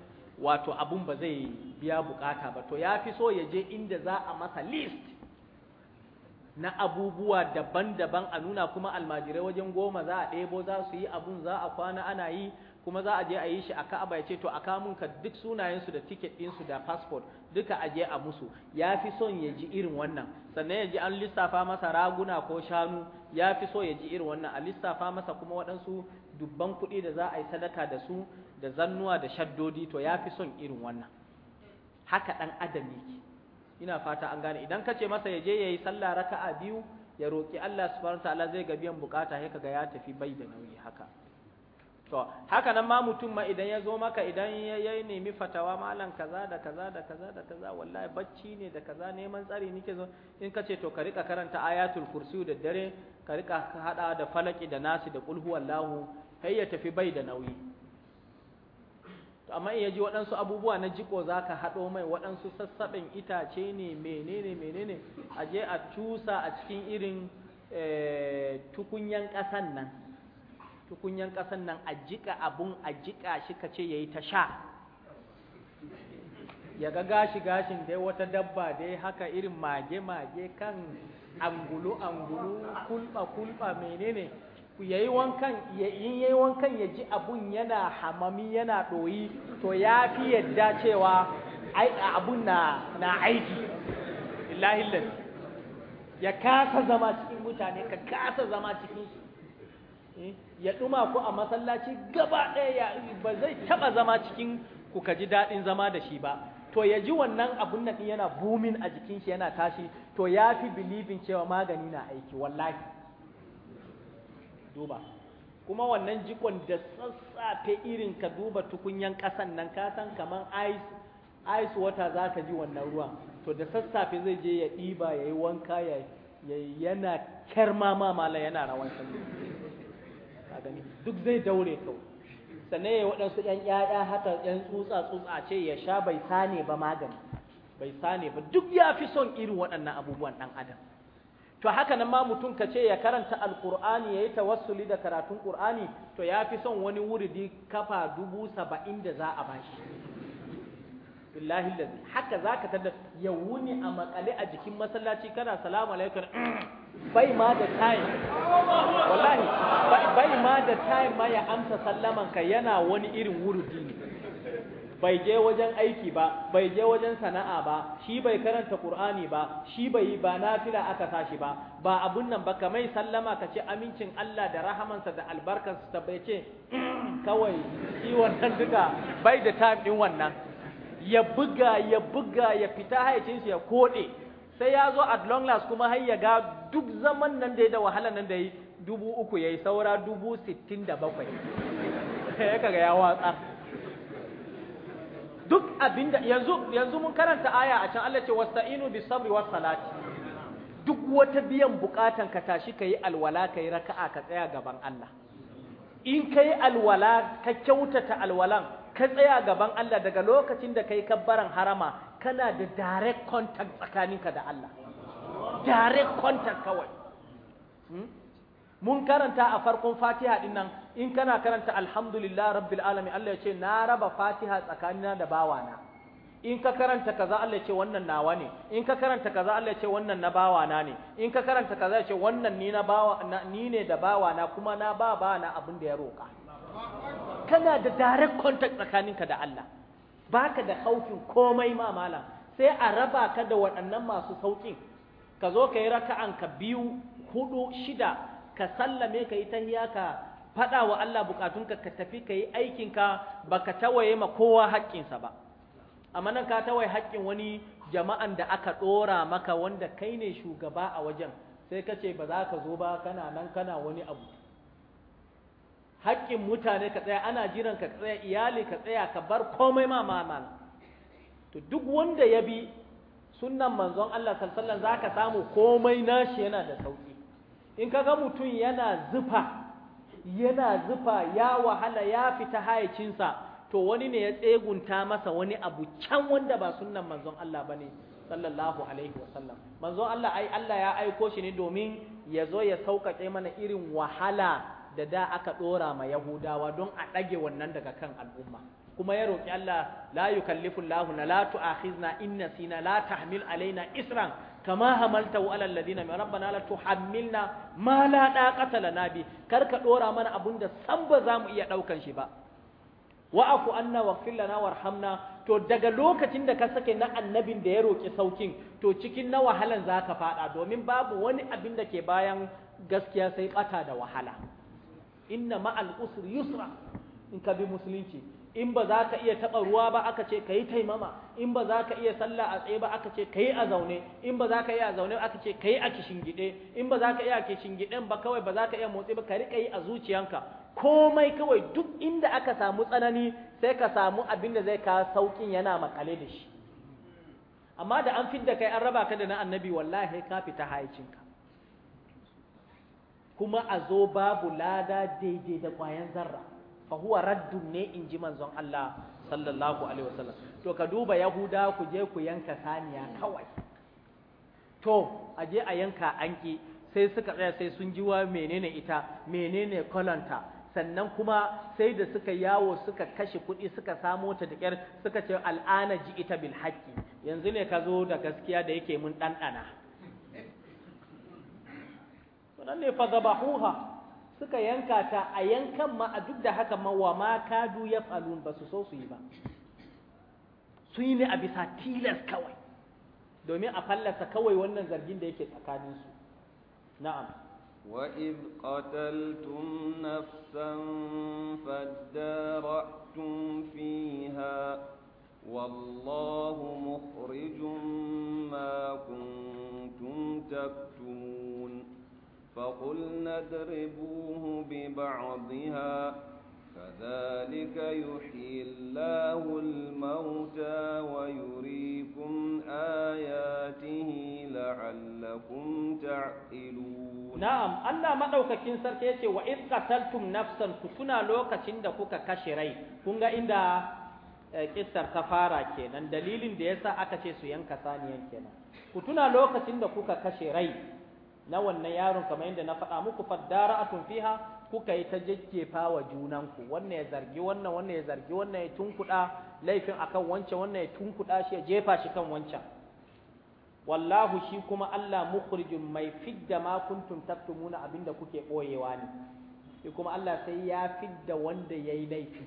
wato abun ba zai biya bukata ba to ya fi so ya je inda za a masa list na abubuwa daban-daban a nuna kuma almajirai wajen goma za a ɗebo za su yi abun za a kwana ana yi kuma za a je a yi shi a ka'aba ya ce to a kamun ka duk sunayensu da tiket ɗinsu da passport duka a je a musu ya fi son ya ji irin wannan sannan ya ji an lissafa masa raguna ko shanu ya fi so ya ji irin wannan a lissafa masa kuma waɗansu dubban kuɗi da za a yi sadaka da su da zannuwa da shaddodi to ya fi son irin wannan haka ɗan adam yake ina fata an gane idan ka ce masa ya je ya yi sallah a biyu ya roƙi Allah subhanahu ta'ala zai ga biyan bukata haka ga ya tafi bai da nauyi haka to haka nan ma mutum ma idan ya zo maka idan ya nemi fatawa malam kaza da kaza da kaza da kaza wallahi bacci ne da kaza neman tsari nike zo in ka ce to ka rika karanta ayatul kursi da dare ka rika haɗa da falaki da nasi da kulhu wallahu kai ya tafi bai da nauyi to amma in yaji waɗansu abubuwa na jiko za ka haɗo mai waɗansu sassaɓen itace ne menene menene a je a cusa a cikin irin eh, tukunyan ƙasan nan tukunyan ƙasan nan a jiƙa abun a jiƙa shi ka ce ya yi ta sha ya ga gashi gashin dai wata dabba dai haka irin mage mage kan angulu angulu kulɓa kulɓa menene yayi wankan in yayi wankan ya ji abun yana hamami yana ɗoyi to ya fi yadda cewa ai abun na na aiki illahi ya kasa zama cikin mutane ka kasa zama cikin eh, ya ɗuma ku a masallaci gaba ɗaya ba zai taɓa zama cikin ku ka ji daɗin zama da shi ba to ya ji wannan abun nan yana bumin a jikin shi yana tashi to ya fi bilibin cewa magani na aiki wallahi duba kuma wannan jikon da sassafe irin ka duba tukunyan ƙasan nan ka san kaman ice ice water za ka ji wannan ruwan to da sassafe zai je ya ɗiba ya yi wanka ya yana kyarma mala yana rawan gani duk zai daure kau sannan ya waɗansu ‘yan ‘ya'ya haka ‘yan tsutsa tsutsa ce ya sha bai sane ba magani bai sane ba duk ya fi son irin waɗannan abubuwan ɗan adam to haka nan ma mutum ka ce ya karanta alkur'ani ya yi tawassuli da karatun ƙur'ani to ya fi son wani wuridi kafa dubu saba'in da za a bashi billahi lazi haka za ka tada ya wuni a makale a jikin masallaci kana salamu alaikun bai ma da time wallahi bai ma da time ma ya amsa sallaman ka yana wani irin wuridi ne bai je wajen aiki ba bai je wajen sana'a ba shi bai karanta qur'ani ba shi bai ba nafila aka tashi ba ba abun nan ba kamai sallama ka ce amincin Allah da rahamansa da bai ce kawai shi wannan duka bai da time din wannan ya buga ya buga ya fita hayacin ya kode sai ya zo at long last kuma har ya ga duk zaman nan da ya da wahala nan da yi dubu uku ya yi saura dubu sittin da bakwai ya kaga ya watsa duk abinda yanzu yanzu mun karanta aya a can Allah ce wasta'inu bis sabri was salati duk wata biyan bukatan ka tashi kai alwala kai raka'a ka tsaya gaban Allah in kai alwala ka kyautata alwalan ka tsaya gaban Allah daga lokacin da kai kabbaran harama kana da direct contact tsakaninka da Allah direct contact kawai hmm? mun karanta a farkon Fatiha din in kana karanta alhamdulillah rabbil alamin Allah ya ce na raba fatiha tsakanina da bawana in ka karanta kaza Allah ya ce wannan nawa ne in ka karanta kaza Allah ya ce wannan na bawana ne in ka karanta kaza ya ce wannan ni na bawa ni ne da bawana kuma na ba na abin da ya roka kana da direct contact tsakaninka da Allah baka da haufin komai ma malam sai a raba ka da waɗannan masu sauƙin. ka zo ka yi raka'an ka biyu hudu shida ka sallame ka yi tahiya ka faɗa wa Allah bukatunka ka tafi ka yi aikinka ba ka tawaye ma kowa haƙƙinsa ba amma nan ka tawaye haƙƙin wani jama'an da aka ɗora maka wanda kai ne shugaba a wajen sai ka ce ba za ka zo ba kana nan kana wani abu haƙƙin mutane ka tsaya ana jiran ka tsaya iyali ka tsaya ka bar komai ma mamala to duk wanda ya bi sunnan manzon Allah sallallahu alaihi wasallam zaka samu komai nashi yana da sauki in kaga mutum yana zufa yana zufa ya wahala ya fita hayacinsa to wani ne ya tsegunta masa wani abu can wanda ba sunnan manzon Allah bane sallallahu alaihi wasallam manzon Allah ai Allah ya aiko shi ne domin ya zo ya sauƙaƙe mana irin wahala da da aka ɗora ma Yahudawa don a ɗage wannan daga kan al'umma kuma ya roƙi Allah la yukallifullahu na la tu'akhizna in nasina la tahmil alaina isran kama hamalta wa alal ladina min rabbana la tuhammilna ma la daqata lana bi kar ka dora mana abun da san ba za mu iya daukan shi ba wa aku anna waghfir lana warhamna to daga lokacin da ka sake na annabin da ya roki saukin to cikin na wahalan zaka fada domin babu wani abin da ke bayan gaskiya sai bata da wahala inna ma'al usri yusra in ka bi musulunci in ba za ka iya taɓa ruwa ba aka ce ka yi taimama in ba za ka iya sallah a tsaye ba aka ce ka yi a zaune in ba za ka iya zaune aka ce ka yi a kishingiɗe in ba za ka iya a kishingiɗen ba kawai ba za ka iya motsi ba ka riƙa yi a zuciyanka komai kawai duk inda aka samu tsanani sai ka samu abin da zai kawo sauƙin yana makale da shi amma da an fidda kai an raba ka da na annabi wallahi ka fita hayacinka kuma a zo babu lada daidai da ƙwayan zarra fa huwa raddun ne in ji manzon Allah sallallahu alaihi wasallam to ka duba yahuda ku je ku yanka saniya kawai to a je a yanka anki sai suka tsaya sai sun ji wa menene ita menene kolanta sannan kuma sai da suka yawo suka kashe kuɗi suka samo ta da ƙyar suka ce al'ana ji ita bil haƙƙi yanzu ne ka zo da gaskiya da yake mun ɗanɗana. Sannan ne fa zabahuha suka yanka ta a yankan ma a duk da haka ma ma kadu ya falun ba su so su yi ba su yi ne a bisa tilas kawai domin a fallasa kawai wannan zargin da yake tsakaninsu na'am وإذ قتلتم نفسا فادارأتم فيها والله مخرج ما كنتم تكتمون فقلنا اضربوه ببعضها كذلك يحيي الله الموتى ويريكم آياته لعلكم تعقلون نعم الله مدوكاكين سركي yace wa id qataltum nafsan tuna lokacin da kuka kashe rai kun inda kissar ta fara kenan dalilin da yasa aka ce su yanka saniya kenan ku tuna lokacin da kuka kashe rai na wannan yaron kamar yadda na faɗa muku faddara'atun fiha kuka yi ta jajjefa wa junanku wannan ya zargi wannan wannan ya zargi wannan ya tunkuɗa laifin akan wancan wannan ya tunkuɗa shi ya jefa shi kan wancan wallahu shi kuma Allah mukhrijun mai fidda ma kuntum taktumuna abinda kuke boyewa ne shi kuma Allah sai ya fidda wanda yayi laifi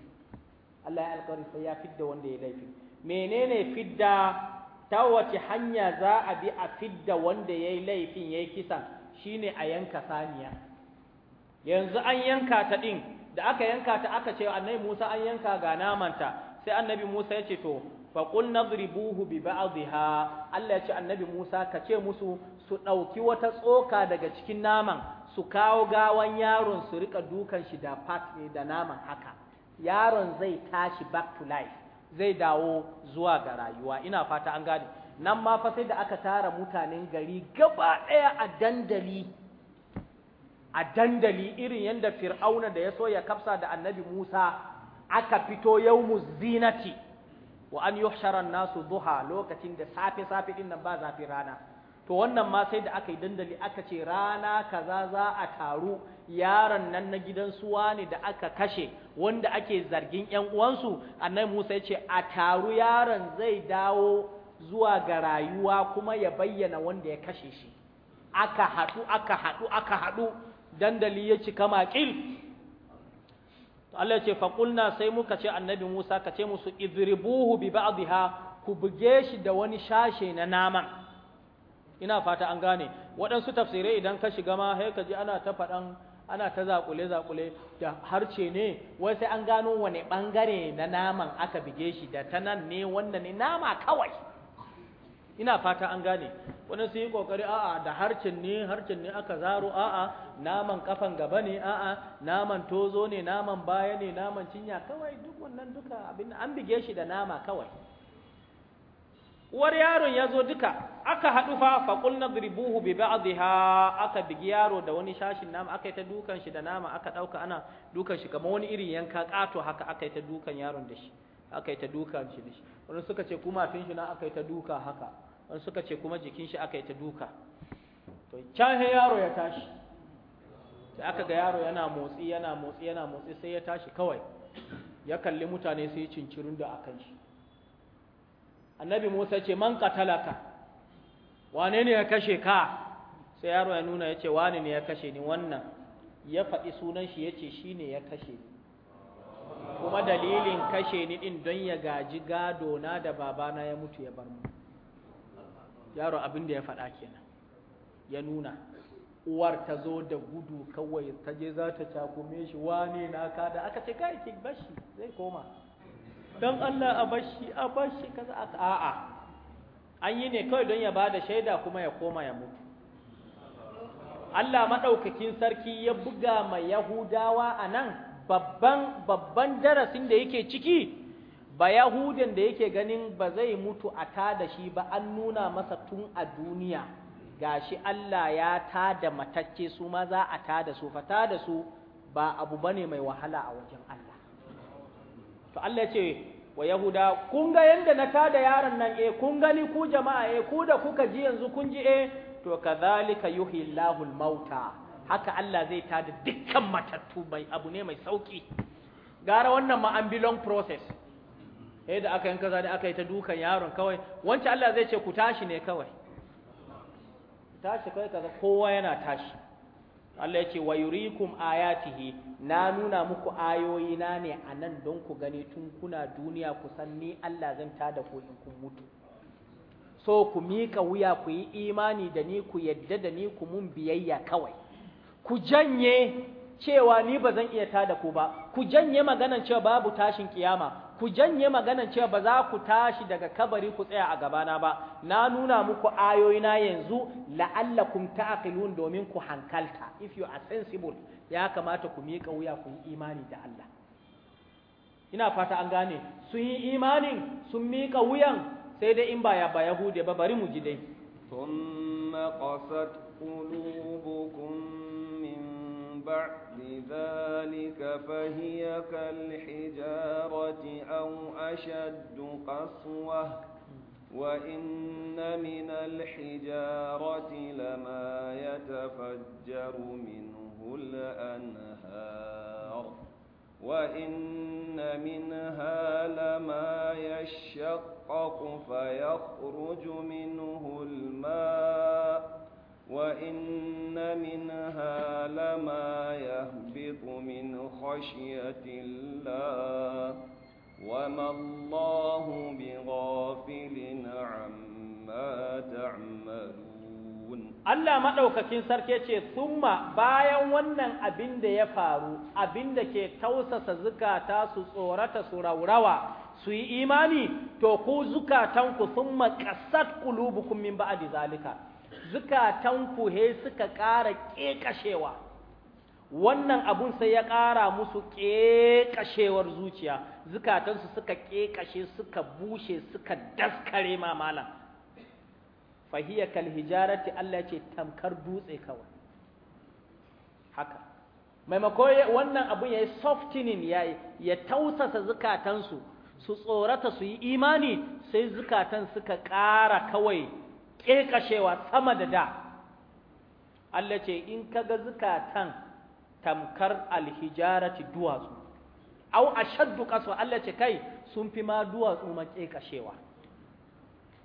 Allah ya alƙawari sai ya fidda wanda yayi laifi menene fidda ta wace hanya za a bi a fidda wanda ya yi laifin ya yi kisan shi ne a yanka saniya yanzu an yanka ta ɗin da aka yanka ta aka ce annabi musa an yanka ga namanta sai annabi musa ya ce to faƙun nadribuhu bi ba'dha Allah ya ce annabi musa ka ce musu su ɗauki wata tsoka daga cikin naman su kawo gawan yaron su riƙa dukan shi da fat ne da naman haka yaron zai tashi back to life zai dawo zuwa ga rayuwa ina fata an gane nan ma fa sai da aka tara mutanen gari gaba ɗaya a dandali a dandali irin yadda fir'auna da ya so ya kafsa da annabi musa aka fito yau zinati wa an yuhshara nasu duha lokacin da safe safe din nan ba zafin rana to wannan ma sai da aka yi dandali aka ce rana kaza za a taru yaron nan na gidan suwa ne da aka kashe wanda ake zargin ƴan uwansu annabi Musa ya ce a taru yaron zai dawo zuwa ga rayuwa kuma ya bayyana wanda ya kashe shi aka haɗu aka haɗu aka haɗu dandali ya cika maƙil Allah ya ce faƙulna sai muka ce annabi Musa ka ce musu idribuhu bi ba'dha ku buge shi da wani shashe na naman ina fata an gane waɗansu tafsirai idan ka shiga ma sai ana ta faɗan ana ta zakule zakule da harce ne wai sai an gano wani bangare na naman aka bige shi da ta nan ne wannan ne nama kawai ina fata an gane wannan sai yi kokari a'a da harcin ne harcin ne aka zaro a'a naman kafan gaba ne a'a naman tozo ne naman baya ne naman cinya kawai duk wannan duka abin an bige shi da nama kawai uwar yaron ya zo duka aka haɗu fa faƙul na zirbuhu bi ba'dha aka bigi yaro da wani shashin nama aka yi ta dukan shi da nama aka ɗauka ana dukan shi kamar wani irin yanka ƙato haka aka yi ta dukan yaron da shi aka yi ta dukan shi da shi wani suka ce kuma fin shi na aka yi ta duka haka wani suka ce kuma jikin shi aka yi ta duka to can yaro ya tashi sai aka ga yaro yana motsi yana motsi yana motsi sai ya tashi kawai ya kalli mutane sai cincirin da akan shi annabi Musa ce man qatalaka wane ne ya kashe ka sai yaro ya nuna yace wane ne ya kashe ni wannan ya faɗi sunan shi yace shine ya kashe ni kuma dalilin kashe ni ɗin don ya gaji gado na da babana ya mutu ya bar mu yaro abin da ya faɗa kenan ya nuna uwar ta zo da gudu kawai ta je za ta cakume shi wane na ka da aka ce kai ki bashi zai koma don Allah a bashi a bashi kaza a'a an yi ne kawai don ya bada shaida kuma ya koma ya mutu Allah maɗaukakin sarki ya buga mai Yahudawa a nan babban babban darasin da yake ciki ba Yahudan da yake ganin ba zai mutu a ta da shi ba an nuna masa tun a duniya gashi Allah ya tada matacce su ma za a tada su fa tada su ba abu bane mai wahala a wajen Allah to Allah ya ce wa yahuda kun ga yanda na tada yaron nan eh kun gani ku jama'a eh ku da kuka ji yanzu kun ji eh to kadhalika Allahu al mauta haka Allah zai tada dukkan matattu bai abu ne mai sauki gara wannan ma an bi long process eh da aka yanka zadi aka yi ta dukan yaron kawai wancan Allah zai ce ku tashi ne kawai tashi kawai kaza kowa yana tashi Allah ya ce wa yurikum ayatihi na nuna muku ayoyi na ne a nan don ku gani tun kuna duniya ku san ni Allah zan tada ku in kun mutu so ku mika wuya ku yi imani da ni ku yadda da ni ku mun biyayya kawai ku janye cewa ni ba zan iya tada ku ba ku janye maganan cewa babu tashin kiyama ku janye maganan cewa ba za ku tashi daga kabari ku tsaya a gabana ba na nuna muku ayoyina yanzu la'allakum ta'qilun domin ku hankalta if you are sensible ya kamata ku miƙa wuya ku yi imani da Allah ina fata an gane sun yi imanin sun miƙa wuyan sai dai in ba ya ba yahude ba bari mu ji dai ثم قست قلوبكم بعد ذلك فهي كالحجارة أو أشد قسوة وإن من الحجارة لما يتفجر منه الأنهار وإن منها لما يشقق فيخرج منه الماء وإن منها لما يهبط من خشية الله وما الله بغافل عما تعملون Allah maɗaukakin sarki ce, "Summa bayan wannan abin da ya faru, abin da ke tausasa zukata su tsorata su raurawa, su yi imani, to ku zukatanku summa ƙasar ƙulubukun min ba'adi zalika." zukatanku he suka ƙara ƙeƙashewa wannan abun sai ya ƙara musu ƙeƙashewar zuciya zukatansu suka ƙeƙashe suka bushe suka daskare ma malam fahiya kal Allah ce tamkar dutse kawai haka Maimakon wannan abun ya yi softening ya ya tausasa zukatansu su tsorata su yi imani sai zukatan suka ƙara kawai ƙeƙashewa sama da da Allah ce in ka ga zukatan tamkar alhijarati duwatsu au ashaddu qaswa Allah ce kai sun fi ma duwatsu ma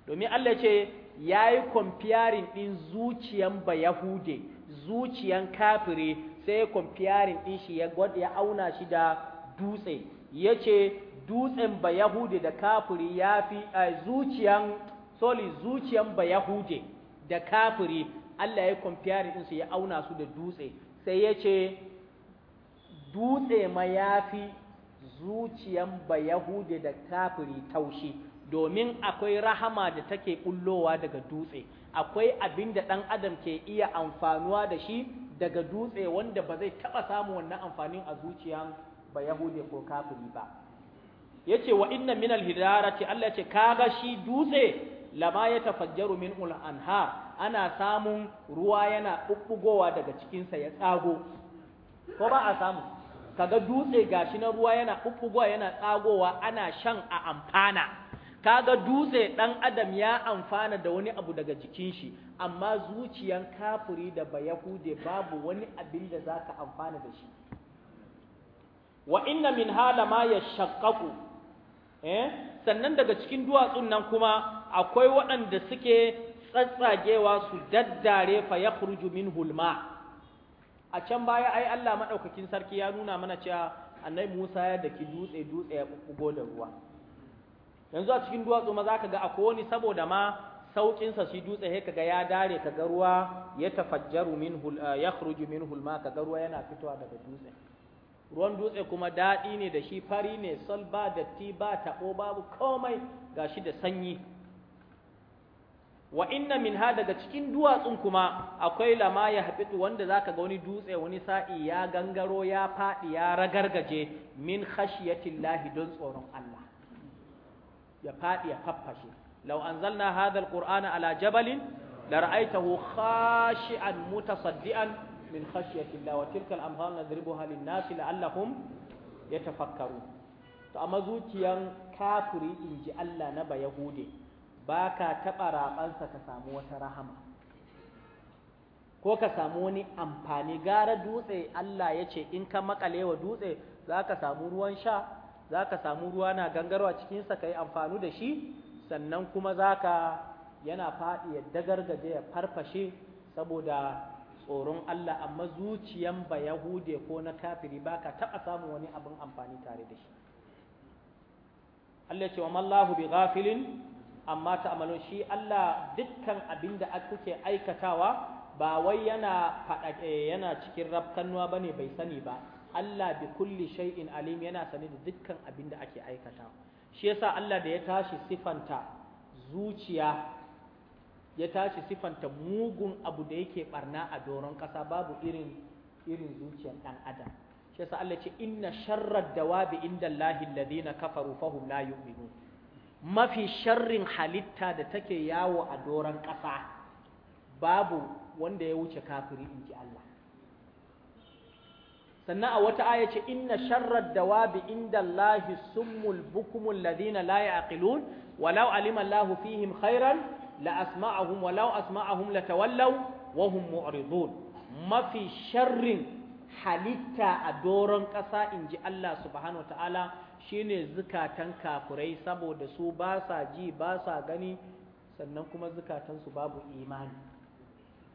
domin Allah ce yayi comparing ɗin zuciyan ba yahude zuciyan kafire sai comparing ɗin shi ya ya auna shi da dutse yace dutsen ba yahude da kafiri yafi eh, zuciyan soli zuciyan ba yahude da kafiri Allah ya kwamfiyar insu su ya auna su da dutse sai ya ce dutse ma ya fi zuciyan ba yahude da kafiri taushe. domin akwai rahama da take kullowa daga dutse akwai abin da ɗan adam ke iya amfanuwa da shi daga dutse wanda ba zai taɓa samun wannan amfanin a zuciyan ba yahude ko kafiri ba yace wa inna minal hidarati Allah yace kaga shi dutse lama ya tafajjaru min anhar ana samun ruwa yana bubbugowa daga cikinsa ya tsago ko ba a samu kaga dutse gashi na ruwa yana bubbugowa yana tsagowa ana shan a amfana kaga dutse dan adam ya amfana da wani abu daga jikin shi amma zuciyan kafiri da bayahude babu wani abin da zaka amfana da shi wa inna min hala ma yashaqqaqu eh sannan daga cikin duwatsun nan kuma akwai waɗanda suke tsatsagewa su daddare fa ya min hulma a can baya ai Allah maɗaukakin sarki ya nuna mana cewa annai Musa ya daki dutse dutse ya bugo da ruwa yanzu a cikin duwatsu ma za ka ga akwai wani saboda ma sauƙinsa shi dutse sai kaga ya dare kaga ruwa ya tafajjaru min eh, ya min hulma kaga ruwa yana fitowa daga dutse ruwan dutse kuma daɗi ne da shi fari ne sal ba datti ba taɓo babu komai gashi da sanyi wa inna min ha daga cikin duwatsun kuma akwai lama ya haɓitu wanda zaka ga wani dutse wani sa'i ya gangaro ya faɗi ya ragargaje min khashiyatillahi don tsoron Allah ya faɗi ya faffashe law anzalna hadha alqur'ana ala jabalin la ra'aytahu khashi'an mutasaddian min khashiyatillahi wa tilka al-amthal nadribuha lin-nas la'allahum yatafakkarun to amma zuciyan kafiri inji Allah na ba yahude ba ka taɓa raɓansa ka samu wata rahama ko ka samu wani amfani gara dutse Allah ya ce in ka makale wa dutse za ka samu ruwan sha za ka samu ruwa na gangarwa cikinsa ka yi amfani da shi sannan kuma za ka yana faɗi ya dagargaje ya farfashe saboda tsoron Allah amma zuciyan ba Yahude ko na kafiri ba ka taɓa samun wani abin amfani tare da shi Allah ce wa mallahu bi ghafilin amma ta'amalu shi Allah dukkan abin da kuke aikatawa ba wai yana faɗa eh, yana cikin rafkannuwa ne bai sani ba Allah bi kulli shay'in alim yana sani da dukkan abin da ake aikata shi yasa Allah da ya tashi sifanta zuciya ya tashi sifanta mugun abu da yake barna a doron ƙasa babu irin irin zuciyar ɗan adam shi yasa Allah ce inna sharrad dawabi indallahi alladhina kafaru fahum la yu'minun mafi sharrin halitta da take yawo a doron ƙasa babu wanda ya wuce kafiri in ji Allah sannan a wata aya ce inna sharrad dawabi inda Allahi summul bukumul ladina la yaqilun walau alima Allahu fihim khairan la asma'ahum walau asma'ahum latawallaw wa hum mu'ridun mafi sharrin halitta a doron ƙasa in ji Allah subhanahu wa ta'ala shine zukatan kafurai saboda su ba sa ji ba sa gani sannan kuma zukatansu babu imani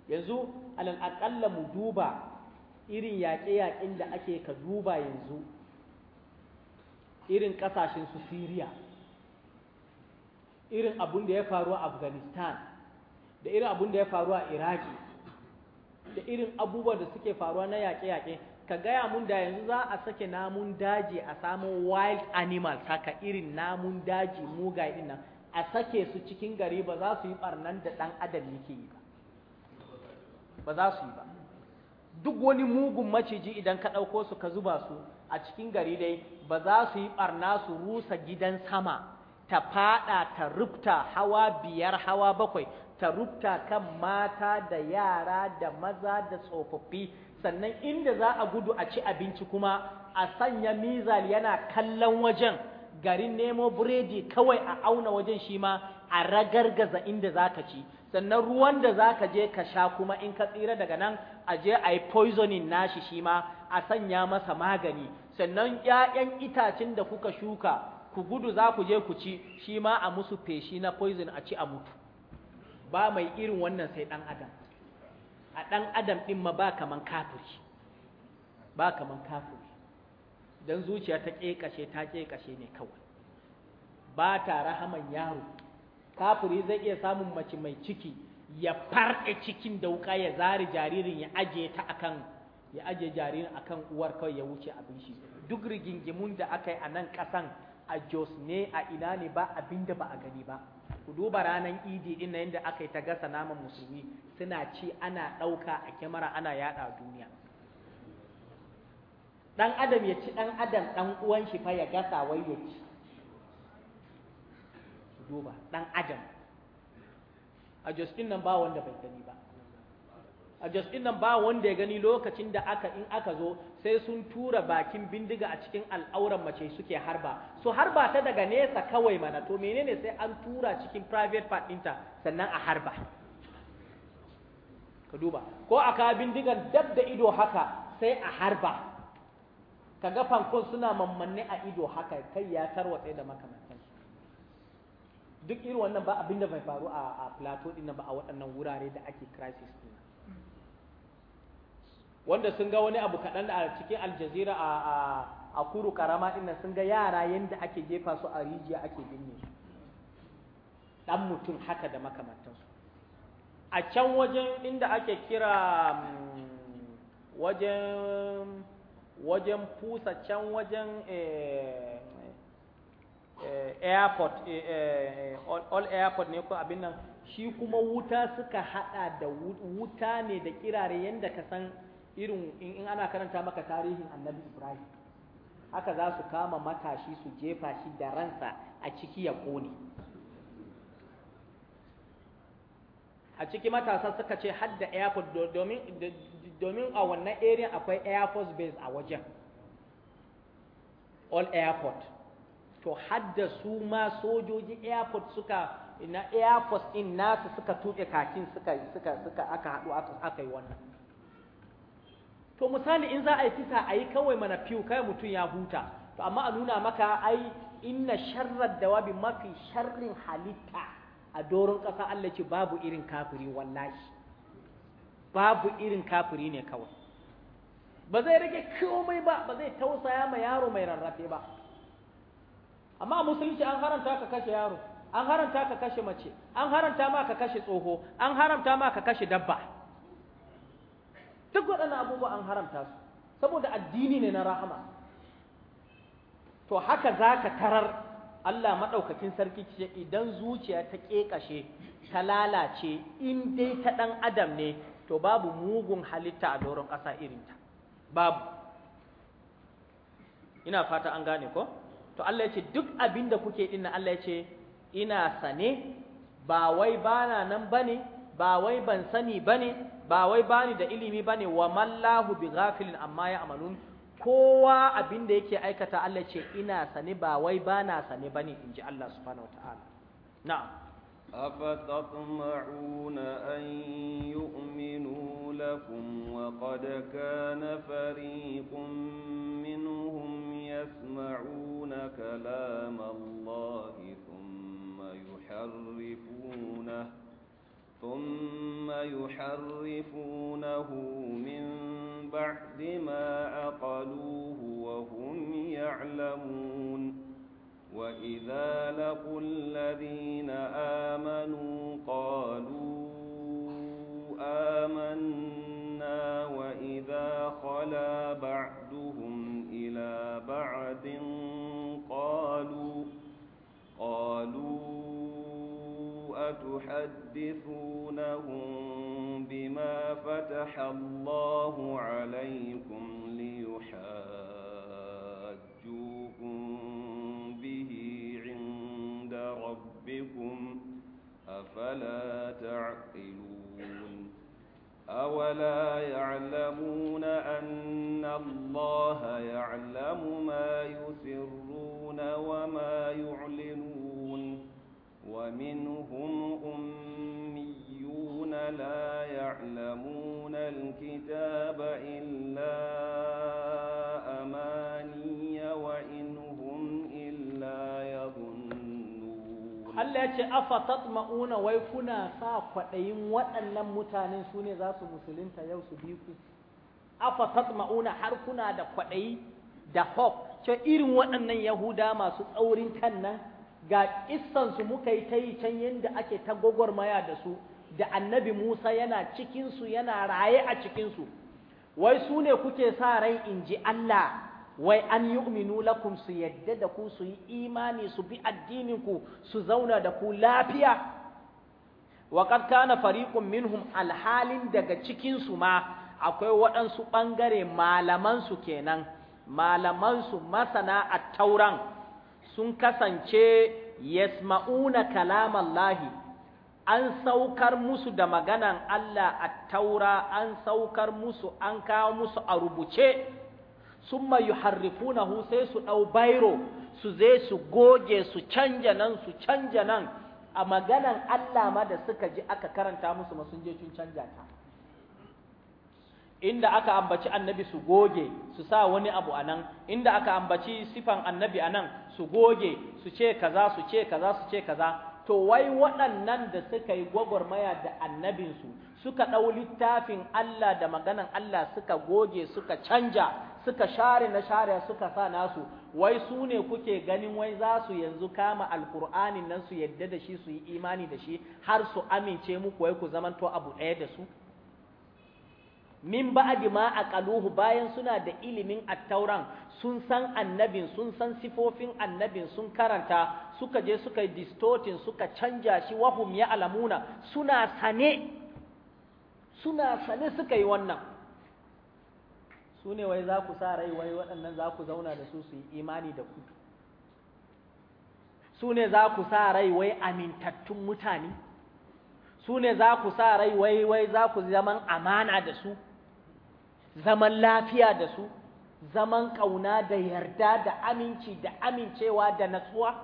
yanzu alal mu duba irin yaƙe-yaƙen da ake ka duba yanzu irin ƙasashen su siriya irin abun da ya faru a afghanistan da irin abun da ya faru a iraki da irin abubuwa da suke faruwa na yaƙe-yaƙe ka gaya mun da yanzu za a sake namun daji a samun wild animals haka irin namun daji muga nan a sake su cikin gari ba za su yi barnan da ɗan adam yake yi ba ba za su yi ba duk wani mugun maciji idan ka ɗauko su ka zuba su a cikin gari dai ba za su yi barna su rusa gidan sama ta faɗa ta rufta hawa biyar hawa bakwai ta rufta kan mata da yara da maza da tsofaffi sannan inda za a gudu a ci abinci kuma a sanya mizal yana kallon wajen garin nemo biredi kawai a auna wajen shi ma a ragargaza inda za ka ci sannan ruwan da za ka je ka sha kuma in ka tsira daga nan a je a yi poisoning nashi shi ma a sanya masa magani sannan ‘ya'yan itacin da kuka shuka ku gudu za ku je ku ci shi ma a musu feshi na poison a ci a mutu ba mai irin wannan sai ɗan adam a ɗan adam ɗin ma ba kaman kafiri ba kaman kafiri don zuciya ta ƙeƙashe ta ƙeƙashe ne kawai ba ta rahaman yaro kafiri zai iya samun mace mai ciki ya farɗe cikin da wuka ya zari jaririn ya aje ta akan ya aje jaririn akan uwar kawai ya wuce abin shi duk rigingimun da aka yi a nan ƙasan a jos ne a ina ne ba abin da ba a gani ba ku duba ranar idi ina yadda aka yi ta gasa naman musulmi suna ci ana ɗauka a kyamara ana yaɗa duniya ɗan adam ya ci ɗan adam ɗan uwan shi fa ya gasa wai ya ci duba ɗan adam a justin nan ba wanda bai gani ba a jos din nan ba wanda ya gani lokacin da aka in aka zo sai sun tura bakin bindiga a cikin al'auran mace suke harba su harba ta daga nesa kawai mana to menene sai an tura cikin private part ɗinta sannan a harba ka duba ko a ka bindigan dab da ido haka sai a harba ka ga fankon suna mammanne a ido haka kai ya tarwatsa da makamantan duk irin wannan ba abinda bai faru a plateau ɗin ba a waɗannan wurare da ake crisis ɗin wanda sun ga wani abu kaɗan a cikin aljazira a a kuru karama ɗin sun ga yara yadda ake jefa su a rijiya ake binne su ɗan mutum haka da makamantansu a can wajen inda ake kira mm, wajen wajen fusa can wajen eh, eh, airport eh, all airport ne ko abin nan shi kuma wuta suka haɗa da wuta ne da kirare yadda ka san irin in ana karanta maka tarihin annabi ibrahim haka za su kama matashi su jefa shi da ransa a ciki ya ƙone a ciki matasa suka ce hadda airport domin a wannan area akwai air force base a wajen all airport to hadda su ma sojoji airport suka na air force in nasu suka tuɓe kakin suka suka aka haɗu aka yi wannan to misali in za a yi kisa a yi kawai mana fiyo kai mutum ya huta to amma a nuna maka ai inna sharrar dawabi mafi sharrin halitta a doron ƙasa Allah ce babu irin kafiri wallahi babu irin kafiri ne kawai ba zai rage komai ba ba zai tausaya ma yaro mai rarrafe ba amma a musulunci an haramta ka kashe yaro an haramta ka kashe mace an haramta ma ka kashe tsoho an haramta ma ka kashe dabba duk waɗannan abubuwa an haramta su saboda addini ne na rahama to haka za ka tarar Allah maɗaukakin sarki ce idan zuciya ta ƙeƙashe ta lalace in dai ta ɗan adam ne to babu mugun halitta a doron ƙasa irinta babu ina fata an gane ko to Allah ya ce duk abin da kuke ɗin Allah ya ce ina sane ba wai bana nan bane ba wai ban sani bane ba wai bani da ilimi bane wa mallahu bi ghafilin amma ya amalun kowa abin da yake aikata Allah ce ina sane ba wai bana sane bane inji Allah subhanahu wataala na'am أفتطمعون أن يؤمنوا لكم وقد كان فريق منهم يسمعون كلام الله ثم يحرفونه ثم يحرفونه من بعد ما عقلوه وهم يعلمون وإذا لقوا الذين آمنوا قالوا آمنا وإذا خلا بعدهم إلى بعد قالوا قالوا وتحدثونهم بما فتح الله عليكم ليحاجوكم به عند ربكم أفلا تعقلون أولا يعلمون أن الله يعلم ما يسرون وما يعلنون ومنهم أميون لا يعلمون الكتاب إلا أماني وإنهم إلا يظنون هل يأتي أفتطمئون ويكون صافة أيم وأن لم متانين سوني ذات مسلمين تيوس بيكو أفتطمئون حركنا دقائي da hope ce irin waɗannan yahuda masu tsaurin kan nan ga kissansu muka yi ta yi can yadda ake ta gwagwarmaya da su da annabi Musa yana cikinsu yana raye a cikinsu wai su ne kuke sa rai in ji Allah wai an uminu lakum su yadda da ku su yi imani su bi addininku su zauna da ku lafiya wa qad kana fariqun minhum alhalin daga cikinsu ma akwai waɗansu ɓangare malamansu kenan malamansu masana a tauran sun kasance yasma'una kalamallahi an saukar musu da maganan Allah a taura an saukar musu an kawo musu a rubuce sun summa yuharrifunahu sai su ɗau bairo su zai su goge su canja nan su canja nan a maganan Allah ma da suka ji aka karanta musu ma sun je sun canja ta inda aka ambaci annabi su goge su sa wani abu a nan inda aka ambaci sifan annabi a nan su goge su ce kaza su ce kaza su ce kaza to wai waɗannan da suka yi gwagwarmaya da annabinsu suka ɗau littafin Allah da maganan Allah suka goge suka canja suka share na share suka sa nasu wai su ne kuke ganin wai za su yanzu kama alkur'anin nan su yadda da shi su yi imani da shi har su amince muku wai ku zamanto abu ɗaya da su min ba'di ma aqaluhu bayan suna da ilimin attauran sun san annabin sun san sifofin annabin sun karanta suka je suka yi distortin suka canja shi wahum ya alamuna suna sane suna sane suka yi wannan su ne wai za ku sa rai wai waɗannan za ku zauna da su su yi imani da ku su ne za ku sa rai wai amintattun mutane su ne za ku sa rai wai wai za ku zaman amana da su zaman lafiya da su zaman ƙauna da yarda da aminci da amincewa da natsuwa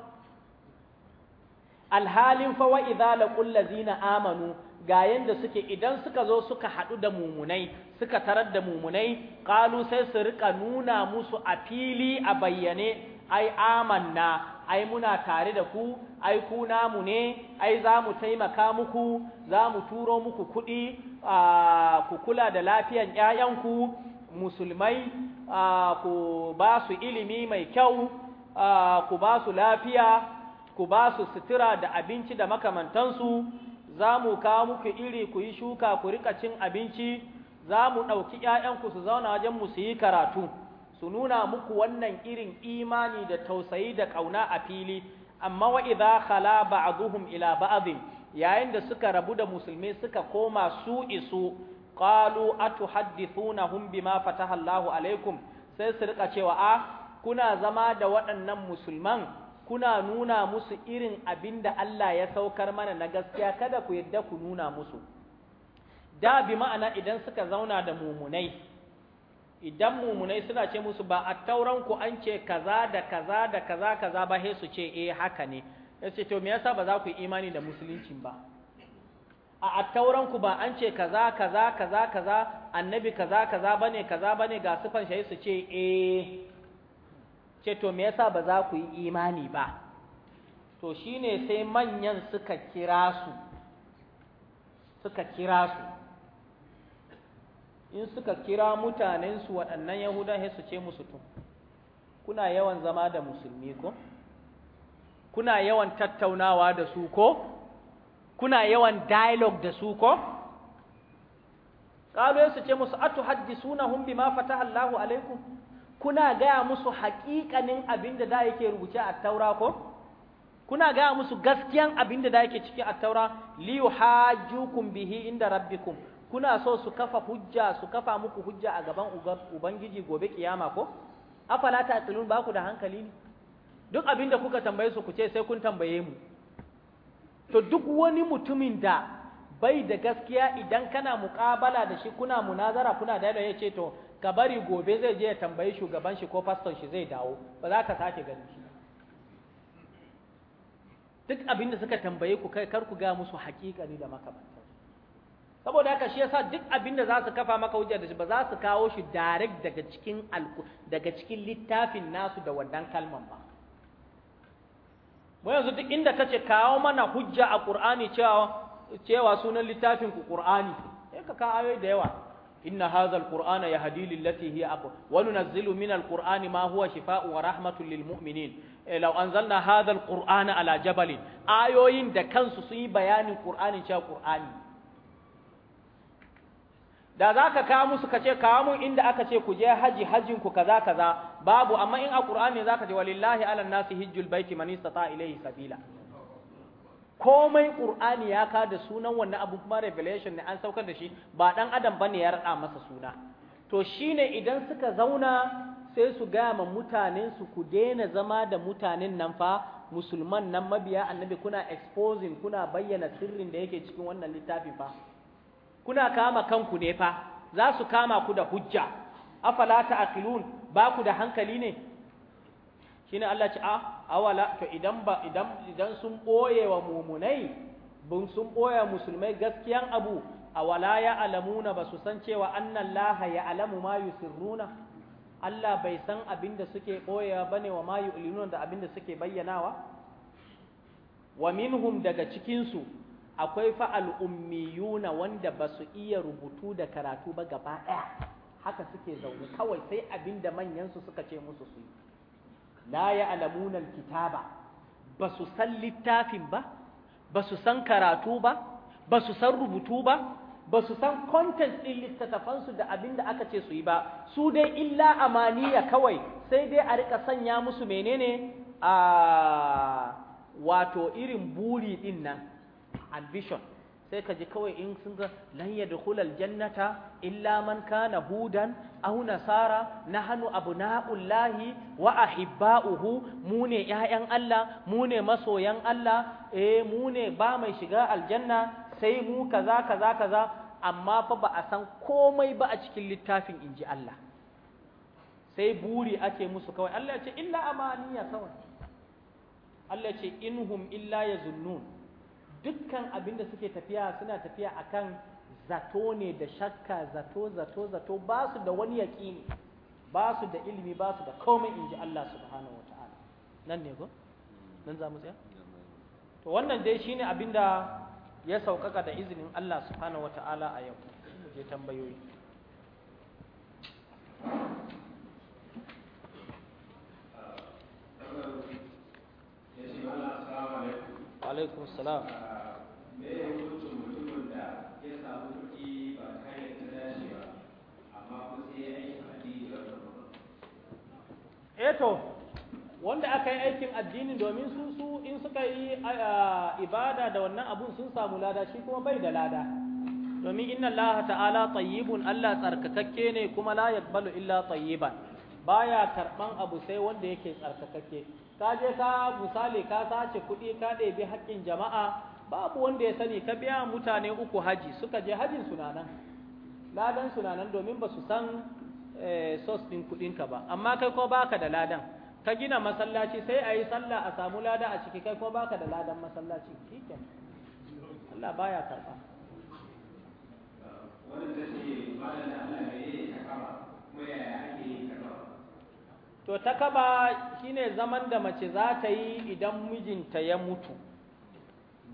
alhalin fawa idala kullazina amanu ga yanda suke idan suka zo suka haɗu da mumunai suka tarar da mumunai ƙalu sai su rika nuna musu a fili a bayyane ai amanna ai muna tare da ku ai ku namu ne ai za mu taimaka muku za mu turo muku kuɗi ku kula da lafiyan ‘ya'yanku musulmai ku ba su ilimi mai kyau ku ba su lafiya ku ba su sutura da abinci da makamantansu za mu kawo muku iri ku yi shuka ku riƙa cin abinci za mu ɗauki ‘ya'yanku su zauna wajen mu su yi karatu. su nuna muku wannan irin imani da tausayi da ƙauna a fili amma wa idza khala ba'dhum ila ba'd yayin da suka rabu da musulmi suka koma su isu qalu atuhaddithunahum bima fataha Allahu alaikum sai su rika cewa a kuna zama da waɗannan musulman kuna nuna musu irin abin da Allah ya saukar mana na gaskiya kada ku yadda ku nuna musu da bi ma'ana idan suka zauna da mumunai idan mumunai suna ce musu ba a tauran ku an ce kaza da kaza da kaza kaza ba sai su ce eh haka ne ya ce to me yasa ba za ku yi imani da musuluncin ba a attauran ku ba an ce kaza kaza kaza kaza annabi kaza kaza bane kaza bane ga sifan shi su ce eh ce to me yasa ba za ku yi imani ba to shine sai manyan suka kira su suka kira su in suka kira mutanensu waɗannan yahudan su ce musu to kuna yawan zama da musulmi ko kuna yawan tattaunawa da su ko kuna yawan dialogue da su ko kalu su ce musu atu suna bima fataha Allahu alaikum kuna gaya musu haƙiƙanin abin da da yake rubuce a taura ko kuna gaya musu gaskiyan abin da da yake cikin a taura liyuhajjukum bihi inda rabbikum kuna so su kafa hujja su kafa muku hujja a gaban ubangiji gobe kiyama ko afala ta tsilun ba ku da hankali ne duk abin da kuka tambaye su ku ce sai kun tambaye mu to duk wani mutumin da bai da gaskiya idan kana muƙabala da shi kuna munazara kuna da ya ce to ka bari gobe zai je ya tambayi shugaban shi ko faston shi zai dawo ba za ka sake ganin shi duk abin da suka tambaye ku kai kar ku ga musu haƙiƙani da makamanta saboda haka shi yasa duk abin da za su kafa maka hujja da shi ba za su kawo shi direct daga cikin daga cikin littafin nasu da wannan kalman ba mu yanzu duk inda kace kawo mana hujja a Qur'ani cewa cewa sunan littafin ku Qur'ani sai ka kawo da yawa inna hadha alqur'ana yahdi lillati hiya aqwa wa nunazzilu min alqur'ani ma huwa shifaa'un wa rahmatun lilmu'minin eh, law anzalna hadha alqur'ana ala jabalin ayoyin da kansu sun yi bayanin Qur'anin cewa Qur'ani da za ka kawo musu ka ce kawo mun inda aka ce ku je haji hajin ku kaza kaza babu amma in a qur'ani za ka ce walillahi ala nasi hijjul baiti man istata ilayhi sabila komai qur'ani ya ka da sunan wannan abu kuma revelation ne an saukar da shi ba dan adam bane ya rada masa suna to shine idan suka zauna sai su gaya ma mutanen su ku daina zama da mutanen nan fa musulman nan mabiya annabi kuna exposing kuna bayyana sirrin da yake cikin wannan littafin fa kuna kama kanku ne fa za su kama ku da hujja afala aqilun ba ku da hankali ne shine Allah ci a awala to idan ba idan idan sun boye wa mumunai bun sun boye musulmai gaskiyan abu awala ya alamuna ba su san cewa annallaha ya alamu ma yusirruna Allah bai san abin da suke boyewa bane wa ma yu'linuna da abin da suke bayyanawa wa minhum daga cikinsu akwai fa al'ummiyuna wanda ba su iya rubutu da karatu ba gaba ɗaya haka suke zaune kawai sai abin da manyansu suka ce musu su yi la ya alamunan kitaba ba su san littafin ba ba su san karatu ba ba su san rubutu ba ba su san kontent ɗin littattafansu da abin da aka ce su yi ba su dai illa amaniya kawai sai dai a rika sanya musu menene a wato irin buri ɗin nan ambition sai ka ji kawai in sun ga lan jannata. jannata illa man kana hudan aw nasara nahnu abna'ullahi wa ahibba'uhu mu ne ƴaƴan Allah mu ne masoyan Allah eh mu ne ba mai shiga aljanna sai mu kaza kaza kaza amma fa ba a san komai ba a cikin littafin inji Allah sai buri ake musu kawai Allah ya ce illa amaniya kawai Allah ya ce inhum illa yazunnun dukkan abin da suke tafiya suna tafiya akan zato ne da shakka zato zato zato ba su da wani yaƙini ba su da ilimi ba su da komai in ji Allah subhanahu wata'ala nan ne ko nan za mu tsaya to wannan dai shine abin da ya sauƙaƙa da izinin Allah subhanahu wata'ala a yau je tambayoyi you. alaikum salam ah, me ya hukuncin mutumin da ya samu kuɗi ba kayan ta dace ba amma kuma sai ya yi addini eh Eto, wanda aka yi aikin addini domin su su in suka yi ibada da wannan abun sun samu lada shi kuma bai da lada domin inna Allah ta'ala tayyibun Allah tsarkakakke ne kuma la yaqbalu illa tayyiban baya karban abu sai wanda yake tsarkakakke ka je ka misali ka sace kuɗi ka ɗebi haƙƙin jama'a babu wanda ya sani ka biya mutane uku haji suka je hajin sunanan ladan sunanan domin ba su san eh, sos ɗin kuɗinka ba amma kai ko baka da ladan ka gina masallaci sai a yi sallah a samu lada a ciki kai ko baka da ladan masallaci ke Allah baya karɓa wanda ta ce ba da Allah ne ya kama kuma yaya ake to ta kaba shine zaman da mace za ta yi idan mijinta ya mutu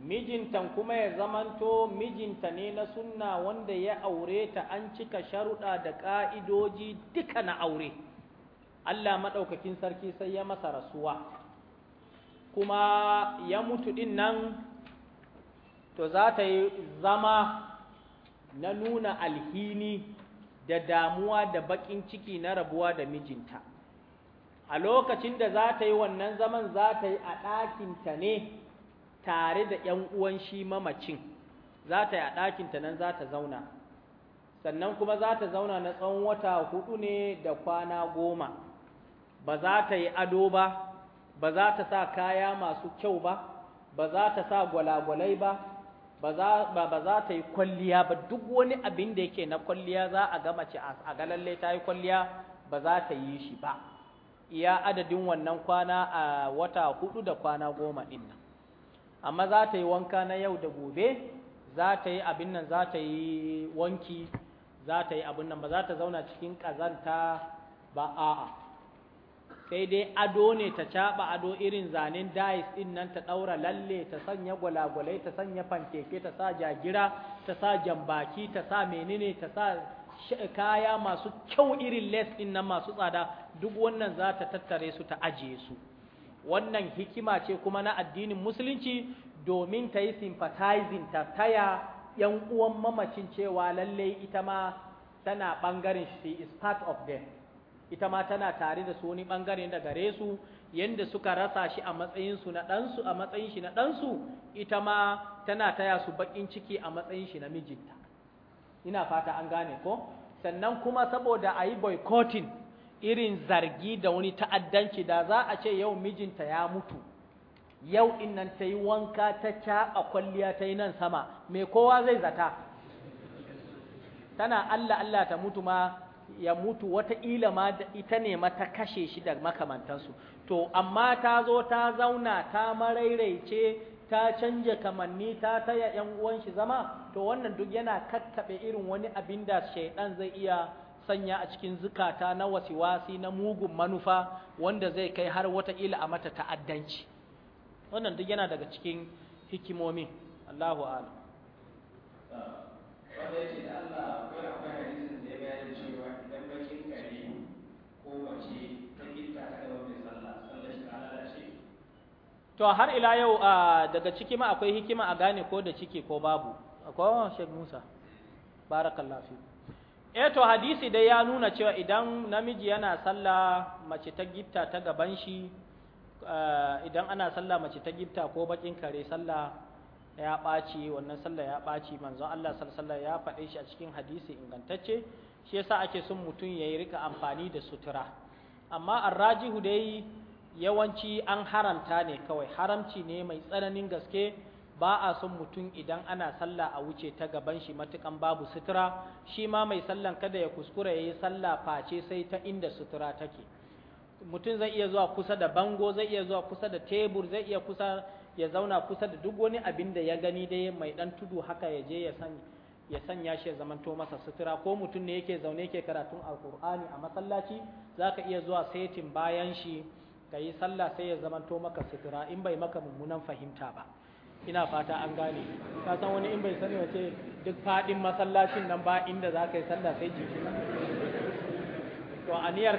mijintan kuma ya zamanto mijinta ne na sunna wanda ya aure ta an cika sharuɗa da ƙa'idoji duka na aure Allah maɗaukakin sarki sai ya masa rasuwa kuma ya mutu ɗin nan to za ta yi zama na nuna alhini da damuwa da baƙin ciki na rabuwa da mijinta a lokacin da za ta yi wannan zaman za ta yi a ɗakinta ne tare da ‘yan uwan shi mamacin za ta yi a ɗakinta nan za ta zauna sannan kuma za ta zauna na tsawon wata hudu ne da kwana goma ba za ta yi ado ba ba za ta sa kaya masu kyau ba ba za ta sa gwalagwalai ba ba za ta yi kwalliya ba duk wani abin da yake na kwalliya za a ga mace a ga lalle ta yi kwalliya ba za ta yi shi ba iya adadin wannan kwana a wata hudu da kwana goma ɗin nan amma za ta yi wanka na yau da gobe za ta yi abin nan za ta yi wanki za ta yi abin nan ba za ta zauna cikin ƙazanta ba a'a sai dai ado ne ta caɓa ado irin zanen dais ɗin nan ta ɗaura lalle ta sanya gwalagwalai ta sanya fankeke ta sa jagira ta sa jambaki ta sa menene ta sa kaya masu kyau irin les din nan masu tsada duk wannan za ta tattare su ta ajiye su wannan hikima ce kuma na addinin musulunci domin ta yi sympathizing ta taya ‘yan uwan mamacin cewa lallai ita ma tana bangaren shi is part of them ita ma tana tare da su wani bangare da gare su yadda suka rasa shi a matsayin su na dansu a matsayin shi na ɗansu ita ma tana taya su bakin ciki a matsayin shi na mijinta ina fata an gane ko sannan kuma saboda a yi boycotting irin zargi da wani ta'addanci da za a ce yau mijinta ya mutu yau in nan ta yi wanka ta caɓa kwalliya ta yi nan sama mai kowa zai zata tana Allah Allah ta mutu ma ya mutu wataƙila ma da ita ne mata kashe shi da makamantansu to amma ta zo ta zauna ta maraice ta canja kamanni ta taya ‘yan uwan shi zama, to wannan duk yana kakkaɓe irin wani abin da shaiɗan zai iya sanya a cikin zukata na wasiwasi na mugun manufa wanda zai kai har wata wataƙila a mata ta'addanci. Wannan duk yana daga cikin hikimomin, Allahu Alam. to har ila yau daga ciki ma akwai hikima a gane ko da ciki ko babu akwai Sheikh Musa barakallahu fi eh to hadisi dai ya nuna cewa idan namiji yana sallah mace ta gifta ta gaban shi idan ana sallah mace ta gifta ko bakin kare sallah ya ɓaci wannan sallah ya ɓaci manzon Allah sallallahu ya faɗe shi a cikin hadisi ingantacce shi yasa ake son mutum yayi rika amfani da sutura amma arrajihu dai yawanci an haramta ne kawai haramci ne mai tsananin gaske ba a son mutum idan ana sallah a wuce ta gaban shi matukan babu sutura shi ma mai sallan kada ya kuskura ya yi sallah face sai ta inda sutura take mutum zai iya zuwa kusa da bango zai iya zuwa kusa da tebur zai iya kusa ya zauna kusa da duk wani abin da ya gani dai mai dan tudu haka ya je ya sanya ya shi ya zamanto masa sutura ko mutum ne yake zaune yake karatun alkur'ani a masallaci zaka iya zuwa setin bayan shi ka yi sallah sai ya zamanto maka sutura in bai maka mummunan fahimta ba ina fata an gane ka san wani in bai sani wace duk faɗin masallacin nan ba inda za ka yi sallah sai jiki to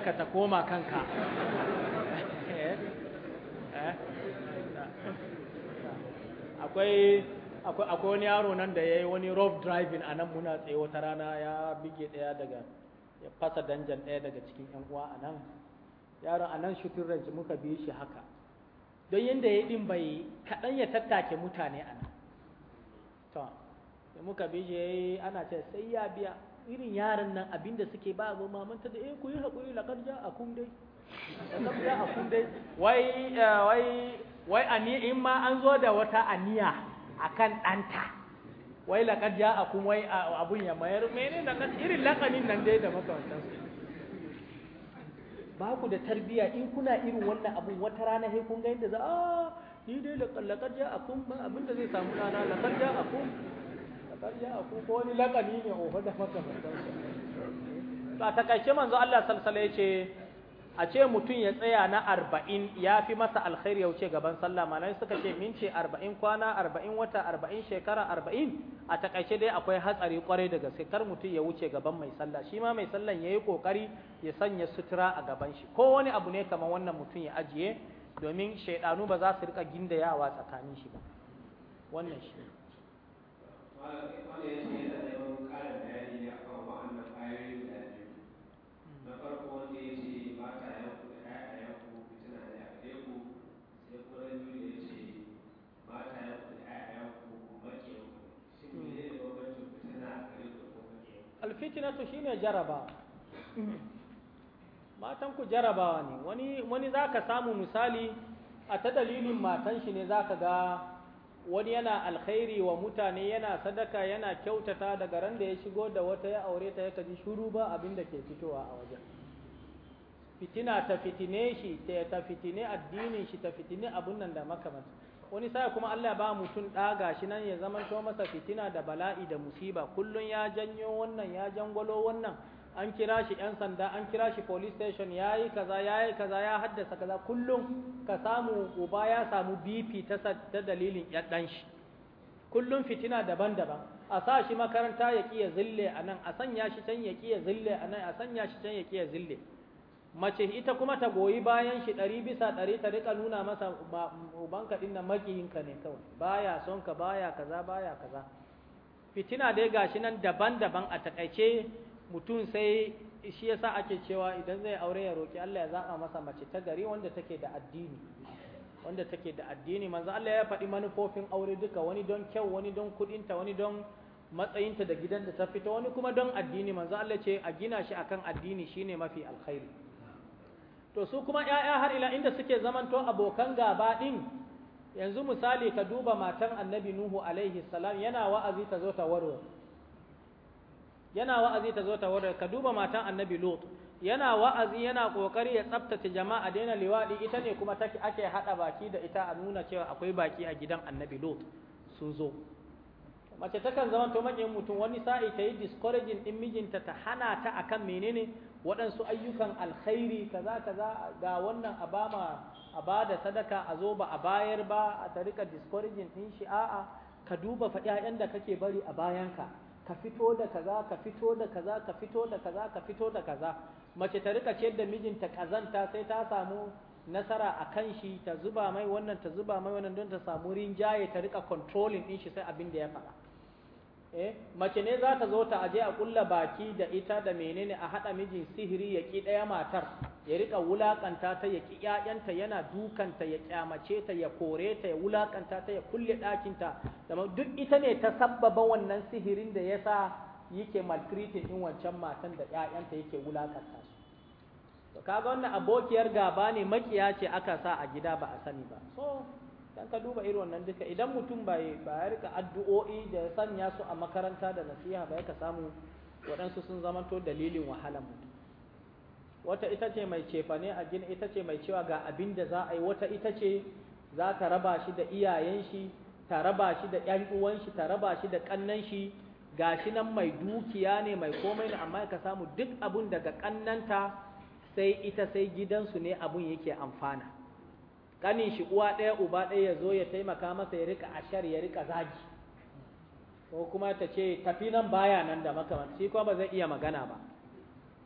ka ta koma kanka eh? Eh? akwai akwai wani yaro nan da ya yi wani rough driving a nan muna tsaye wata rana ya bige ɗaya daga ya fasa danjan ɗaya daga cikin 'yan uwa a nan yaron a nan shooting range muka bi shi haka don yadda ya ɗin bai kaɗan ya tattake mutane a nan to da muka bi shi yayi ana ce sai ya biya irin yaran nan abinda suke ba abu mamanta da eh ku yi haƙuri laƙar ja a kun dai laƙar ja a kun dai wai eh, wai wai ani in ma an zo da wata aniya akan ɗanta wai laƙar ja a kun wai abun ya mayar mene laƙar irin laƙanin nan dai da makamantansu ba ku da tarbiya in kuna irin wannan abun wata rana sai kun ga yadda za a ah, ni dai a kun, ba abin da zai samu rana laqad ja'akum a kun ko wani laƙani ne oho da makamantan to a takaice manzo Allah salsala ya ce a ce mutum ya tsaya na arba'in ya fi masa alkhairi ya wuce gaban sallah malamai suka ce min ce arba'in kwana arba'in wata arba'in shekara arba'in a takaice dai akwai hatsari kwarai da gaske kar mutum ya wuce gaban mai sallah shi ma mai sallah ya yi kokari ya sanya sutura a gaban shi ko wani abu ne kamar wannan mutum ya ajiye domin shaidanu ba za su rika gindayawa tsakanin shi ba wannan shi ne alfitinatu shine jaraba matan ku jarabawa ne wani wani zaka samu misali a ta dalilin matan shi ne zaka ga wani yana alkhairi wa mutane yana sadaka yana kyautata daga ran da ya shigo da wata ya aure ta ya kaji shuru ba abin da ke fitowa a wajen fitina ta fitine shi ta fitine addinin shi ta fitine abun nan da makamata. wani sai kuma Allah ba mutum ɗa shi nan ya zamanto masa fitina da bala'i da musiba kullum ya janyo wannan ya jangwalo wannan an kira shi 'yan sanda an kira shi police station ya yi kaza ya yi kaza ya haddasa kaza kullum ka samu uba ya samu bp ta dalilin ɗan shi kullum fitina daban-daban a sa shi makaranta ya ƙi ya zille a nan a sanya shi can ya ƙi zille a nan a sanya shi can ya ƙi zille mace ita kuma ta goyi bayan shi ɗari bisa ɗari ta rika nuna masa ubanka ɗin nan makiyinka ne kawai baya son ka baya kaza baya kaza fitina dai gashi nan daban-daban a taƙaice mutum sai shi yasa ake cewa idan zai aure ya roki Allah ya zaɓa masa mace ta gari wanda take da addini wanda take da addini manzo Allah ya faɗi manufofin aure duka wani don kyau wani don kuɗinta wani don matsayinta da gidan da ta fita wani kuma don addini manzo Allah ce a gina shi akan addini shine mafi alkhairi to su kuma ‘ya'ya har ila inda suke zamanto abokan gaba ɗin yanzu misali ka duba matan annabi Nuhu alaihi salam yana wa'azi ta zo ta warware yana wa'azi ta zo ta warwa ka duba matan annabi Lut yana wa'azi yana kokari ya tsaftace jama'a daina liwaɗi ita ne kuma take ake haɗa baki da ita a nuna cewa akwai baki a gidan annabi Lut su zo mace takan zama to mutum wani sa'i ta yi discouraging ɗin mijinta ta hana ta akan menene waɗansu ayyukan alkhairi kaza kaza ga wannan a bama a ba sadaka a zo ba a bayar ba a ta rika discouraging ɗin shi a'a ka duba fa ƴaƴan da kake bari a bayanka ka fito da kaza ka fito da kaza ka fito da kaza ka fito da kaza mace ta rika ciyar da mijinta kazanta sai ta samu nasara a kan shi ta zuba mai wannan ta zuba mai wannan don ta samu rinjaye ta rika controlling ɗin shi sai abin da ya faɗa eh mace ne za ta zo ta aje a kulla baki da ita da menene a haɗa mijin sihiri ya ki ɗaya matar ya rika wulaƙanta ta ya ƙi ƴaƴanta yana dukanta ya ƙyamace ta ya kore ta ya wulakanta ta ya kulle ɗakinta da duk ita ne ta sabbaba wannan sihirin da yasa yake maltreating din wancan matan da yayanta yake wulaƙanta to kaga wannan abokiyar gaba ne makiya ce aka sa a gida ba a sani ba dan ka duba irin wannan duka idan mutum baya ba ya rika addu'o'i da ya sanya su a makaranta da nasiha ba ya ka samu waɗansu sun zamanto dalilin wahalan mutum wata ita ce mai cefane a gina ita ce mai cewa ga abin da za a yi wata ita ce za ta raba shi da iyayen shi ta raba shi da ƴan uwan shi ta raba shi da ƙannan shi ga shi nan mai dukiya ne mai komai ne amma ka samu duk abun daga ƙannanta sai ita sai gidansu ne abun yake amfana kanin shi uwa ɗaya uba ɗaya ya zo ya taimaka masa ya rika ashar ya rika zagi ko kuma ta ce tafi nan baya nan da shi kuma ba zai iya magana ba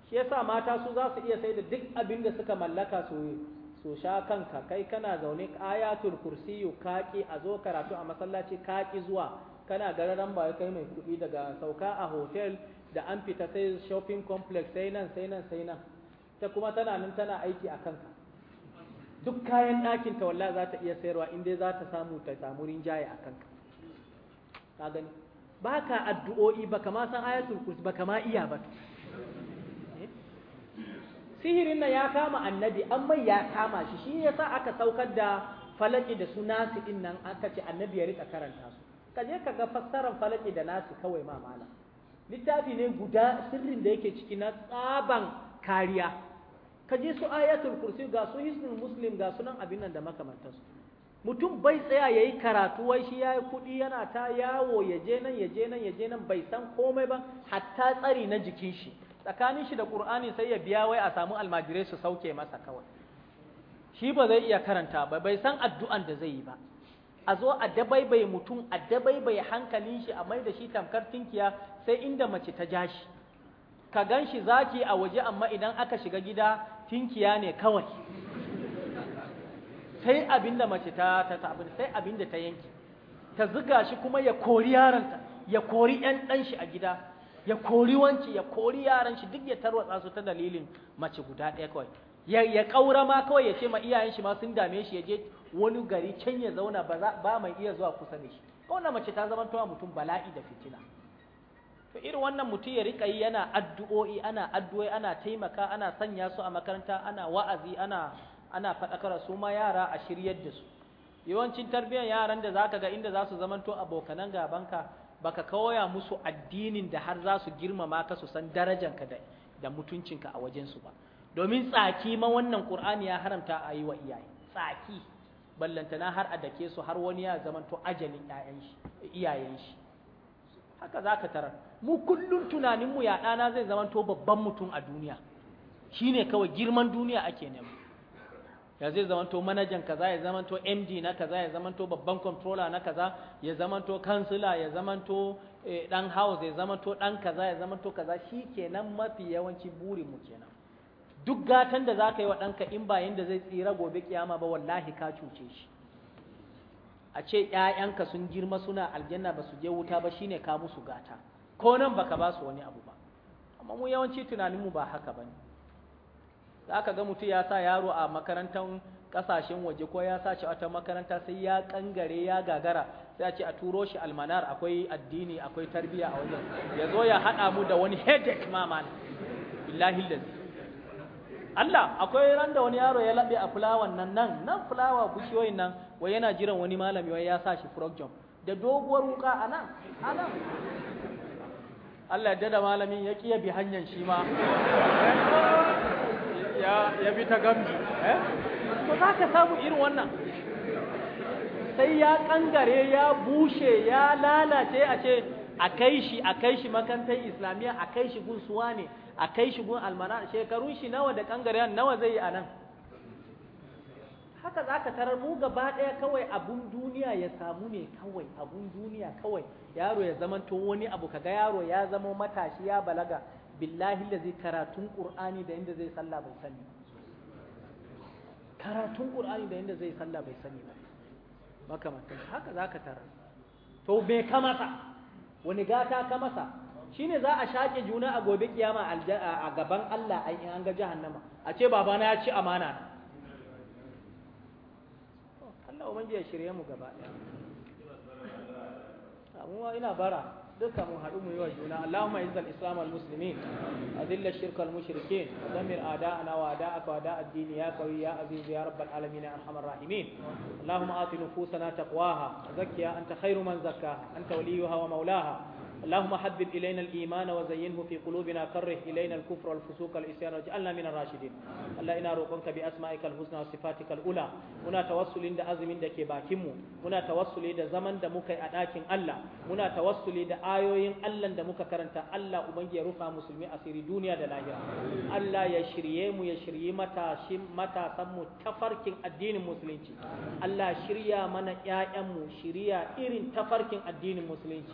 shi yasa mata su za su iya sai da duk abin da suka mallaka su su sha kanka kai kana zaune ayatul kursiyu kaki a zo karatu a masallaci kaki zuwa kana gararan ba kai mai kuɗi daga sauka a hotel da an fita sai shopping complex sai nan sai nan sai nan ta kuma tana nan tana aiki a kanka duk kayan ɗakin ta wallahi za ta iya sayarwa in za ta samu ta samu rinjaye a kanka ka gani ba ka addu'o'i ba kama san ayatul kursi ba kama iya ba eh? sihirin na ya kama annabi an mai ya kama shi shi ya sa aka saukar da falaki da su nasu din nan aka ce annabi ya rika karanta su ka je ka ga fassarar falaki da nasu kawai ma mala littafi ne guda sirrin da yake ciki na tsaban kariya ka ji su ayatul kursi ga su hisnul muslim ga sunan abin nan da makamantansu mutum bai tsaya yayi karatu wai shi yayi kuɗi yana ta yawo ya je nan ya je nan ya je nan bai san komai ba hatta tsari na jikin shi tsakanin shi da qur'ani sai ya biya wai a samu almajirai su sauke masa kawai shi ba zai iya karanta ba bai san addu'an da zai yi ba a zo a dabaibai mutum a dabaibai hankalin shi a mai da shi tamkar tinkiya sai inda mace ta ja shi ka ganshi shi zaki a waje amma idan aka shiga gida tinkiya ne kawai sai abinda mace ta ta abin sai abinda ta yanki ta zuga shi kuma ya kori yaranta ya kori ɗan ɗan shi a gida ya kori wanci ya kori yaran shi duk ya tarwatsa su ta dalilin mace guda ɗaya kawai ya ya ma kawai ya ce ma iyayen shi ma sun dame shi ya je wani gari can ya zauna ba mai iya zuwa kusa da shi kawai mace ta zama mutum bala'i da fitina to irin wannan mutum ya rika yi yana addu'o'i ana addu'o'i ana taimaka ana sanya su a makaranta ana wa'azi ana ana faɗakara su ma yara a shiryar da su yawancin tarbiyyar yaran da zaka ga inda za su zamanto abokanan gabanka baka koya musu addinin da har za su girmama ka su san darajanka da da mutuncinka a wajen su ba domin tsaki ma wannan qur'ani ya haramta a yi wa iyaye tsaki ballantana har a dake su har wani ya zamanto ajalin iyayen shi haka za ka tarar mu kullum tunaninmu ya ɗana zai zamanto babban mutum a duniya shi ne kawai girman duniya ake nema ya zai zamanto manajan kaza ya to md na kaza ya to babban controller na kaza ya to kansila ya to dan eh, house ya to dan kaza ya zamanto kaza shi kenan mafi yawanci burinmu kenan duk gatan da za ka yi wa ɗanka in ba da zai tsira gobe kiyama ba wallahi ka cuce shi a ce ‘ya'yanka sun girma suna aljanna ba su je wuta ba shine ka musu gata ko nan ba ka ba su wani abu ba amma mu yawanci tunaninmu ba haka ba ne za ka ga mutum ya sa yaro a makarantar ƙasashen waje ko ya sa shi wata makaranta sai ya kangare ya gagara sai a ce a turo shi almanar akwai addini akwai tarbiyya a wajen ya zo ya haɗa mu da wani headache mamani. billahi Allah akwai ran da wani yaro ya laɓe a fulawan nan nan nan fulawa bushiyoyin nan wai yana jiran wani malami wai ya sa shi frog jump da doguwar wuka a nan a nan Allah ya dada malamin ya ƙi ya bi hanyar shi ma ya bi ta gamji eh? to za ka samu irin wannan sai ya kangare ya bushe ya lalace a ce a kai shi a kai shi makantar islamiyya a kai shi gun suwa ne a kai shi gun almana shekarun shi nawa da kangare nawa zai yi a nan haka za ka tarar mu gaba ɗaya kawai abun duniya ya samu ne kawai abun duniya kawai yaro ya zama to wani abu kaga yaro ya zama matashi ya balaga billahi da zai karatun qur'ani da inda zai sallah bai sani karatun qur'ani da inda zai sallah bai sani ba makamantan haka za ka tarar to bai ka masa wani gata ka masa shine za a shaƙe juna a gobe kiyama a gaban Allah an ga jahannama a ce babana ya ci amana ya ubangiji ya shirye mu gaba ɗaya mu ina bara duka mu haɗu mu yi wa juna Allahumma izzal islam al muslimin azilla shirka al zamir ada a'da'ana wa a'da'aka wa da'a ad-din ya qawi ya aziz ya rabbal alamin arhamar rahimin Allahumma ati nufusana taqwaha zakkiha anta khairu man zakkaha anta waliyuha wa maulaha اللهم حبب إلينا الإيمان وزينه في قلوبنا كره إلينا الكفر والفسوق والعصيان واجعلنا من الراشدين الله إنا روقنك بأسمائك الحسنى وصفاتك الأولى muna tawassuli da azumin da ke bakin mu muna tawasuli da zaman da muka yi a dakin Allah muna tawasuli da ayoyin Allah da muka karanta Allah ubangiji ya rufa musulmi asiri duniya da lahira Allah ya shirye mu ya shirye matashin tafarkin addinin musulunci Allah shirya mana ƴaƴan mu shirya irin tafarkin addinin musulunci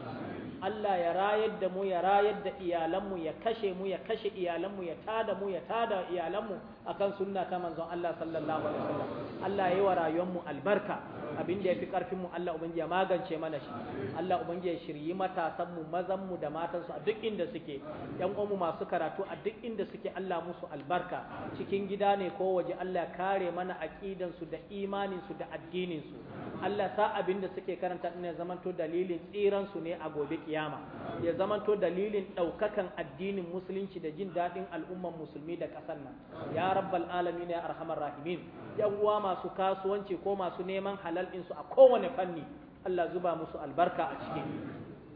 Allah ya rayar da mu ya rayar da iyalanmu ya kashe mu ya kashe iyalanmu ya tada mu ya tada iyalanmu akan sunna ta manzon Allah sallallahu alaihi wasallam Allah ya yi wa rayuwarmu albarka abin da fi ƙarfin mu Allah ubangi ya magance mana shi Allah ubangi ya shiryi matasan mu mazan mu da matan su a duk inda suke yan uwan mu masu karatu a duk inda suke Allah musu albarka cikin gida ne ko waje Allah kare mana aqidan su da imanin su da addinin su Allah sa abin da suke karanta ya zamanto dalilin tsiran su ne a gobe kiyama ya zamanto dalilin daukakan addinin musulunci da jin dadin al'umman musulmi da kasar nan ya rabbal alamin ya arhamar rahimin yan uwa masu kasuwanci ko masu neman halal halal din su a kowane fanni Allah zuba musu albarka a cikin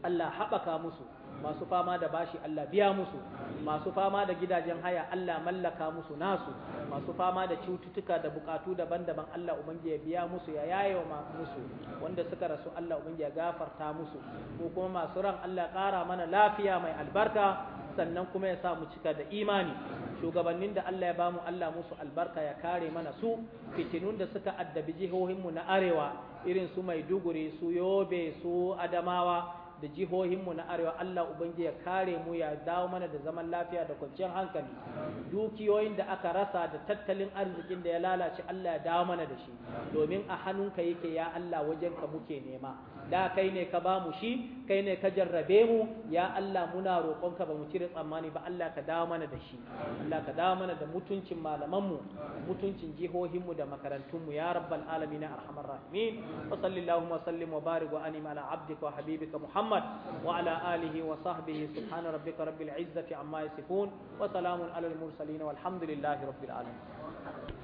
Allah haɓaka musu masu fama da bashi Allah biya musu masu fama da gidajen haya Allah mallaka musu nasu masu fama da cututtuka da bukatu daban-daban Allah ubangi ya biya musu ya yaye musu wanda suka rasu Allah ubangi ya gafarta musu ko kuma masu ran Allah kara mana lafiya mai albarka sannan kuma ya sa mu cika da imani shugabannin da Allah ya ba mu Allah musu albarka ya kare mana su fitinun da suka addabi jihohinmu na arewa irin su Maiduguri su Yobe su Adamawa da jihohinmu na arewa Allah ubangi ya kare mu ya dawo mana da zaman lafiya da kwanciyar hankali dukiyoyin da aka rasa da tattalin arzikin da ya lalace Allah ya dawo mana da shi domin a hannunka yake ya Allah wajenka muke nema da kai ne ka ba mu shi kai ne ka jarrabe mu ya Allah muna roƙonka ba mu cire tsammani ba Allah ka dawo mana da shi Allah ka dawo mana da mutuncin malamanmu mutuncin jihohinmu da makarantunmu ya rabbal alamin arhamar rahimin wa sallallahu wa sallim wa barik wa ala abdika wa habibika muhammad wa ala alihi wa sahbihi subhana rabbika rabbil izzati amma yasifun wa salamun ala al mursalin walhamdulillahi rabbil alamin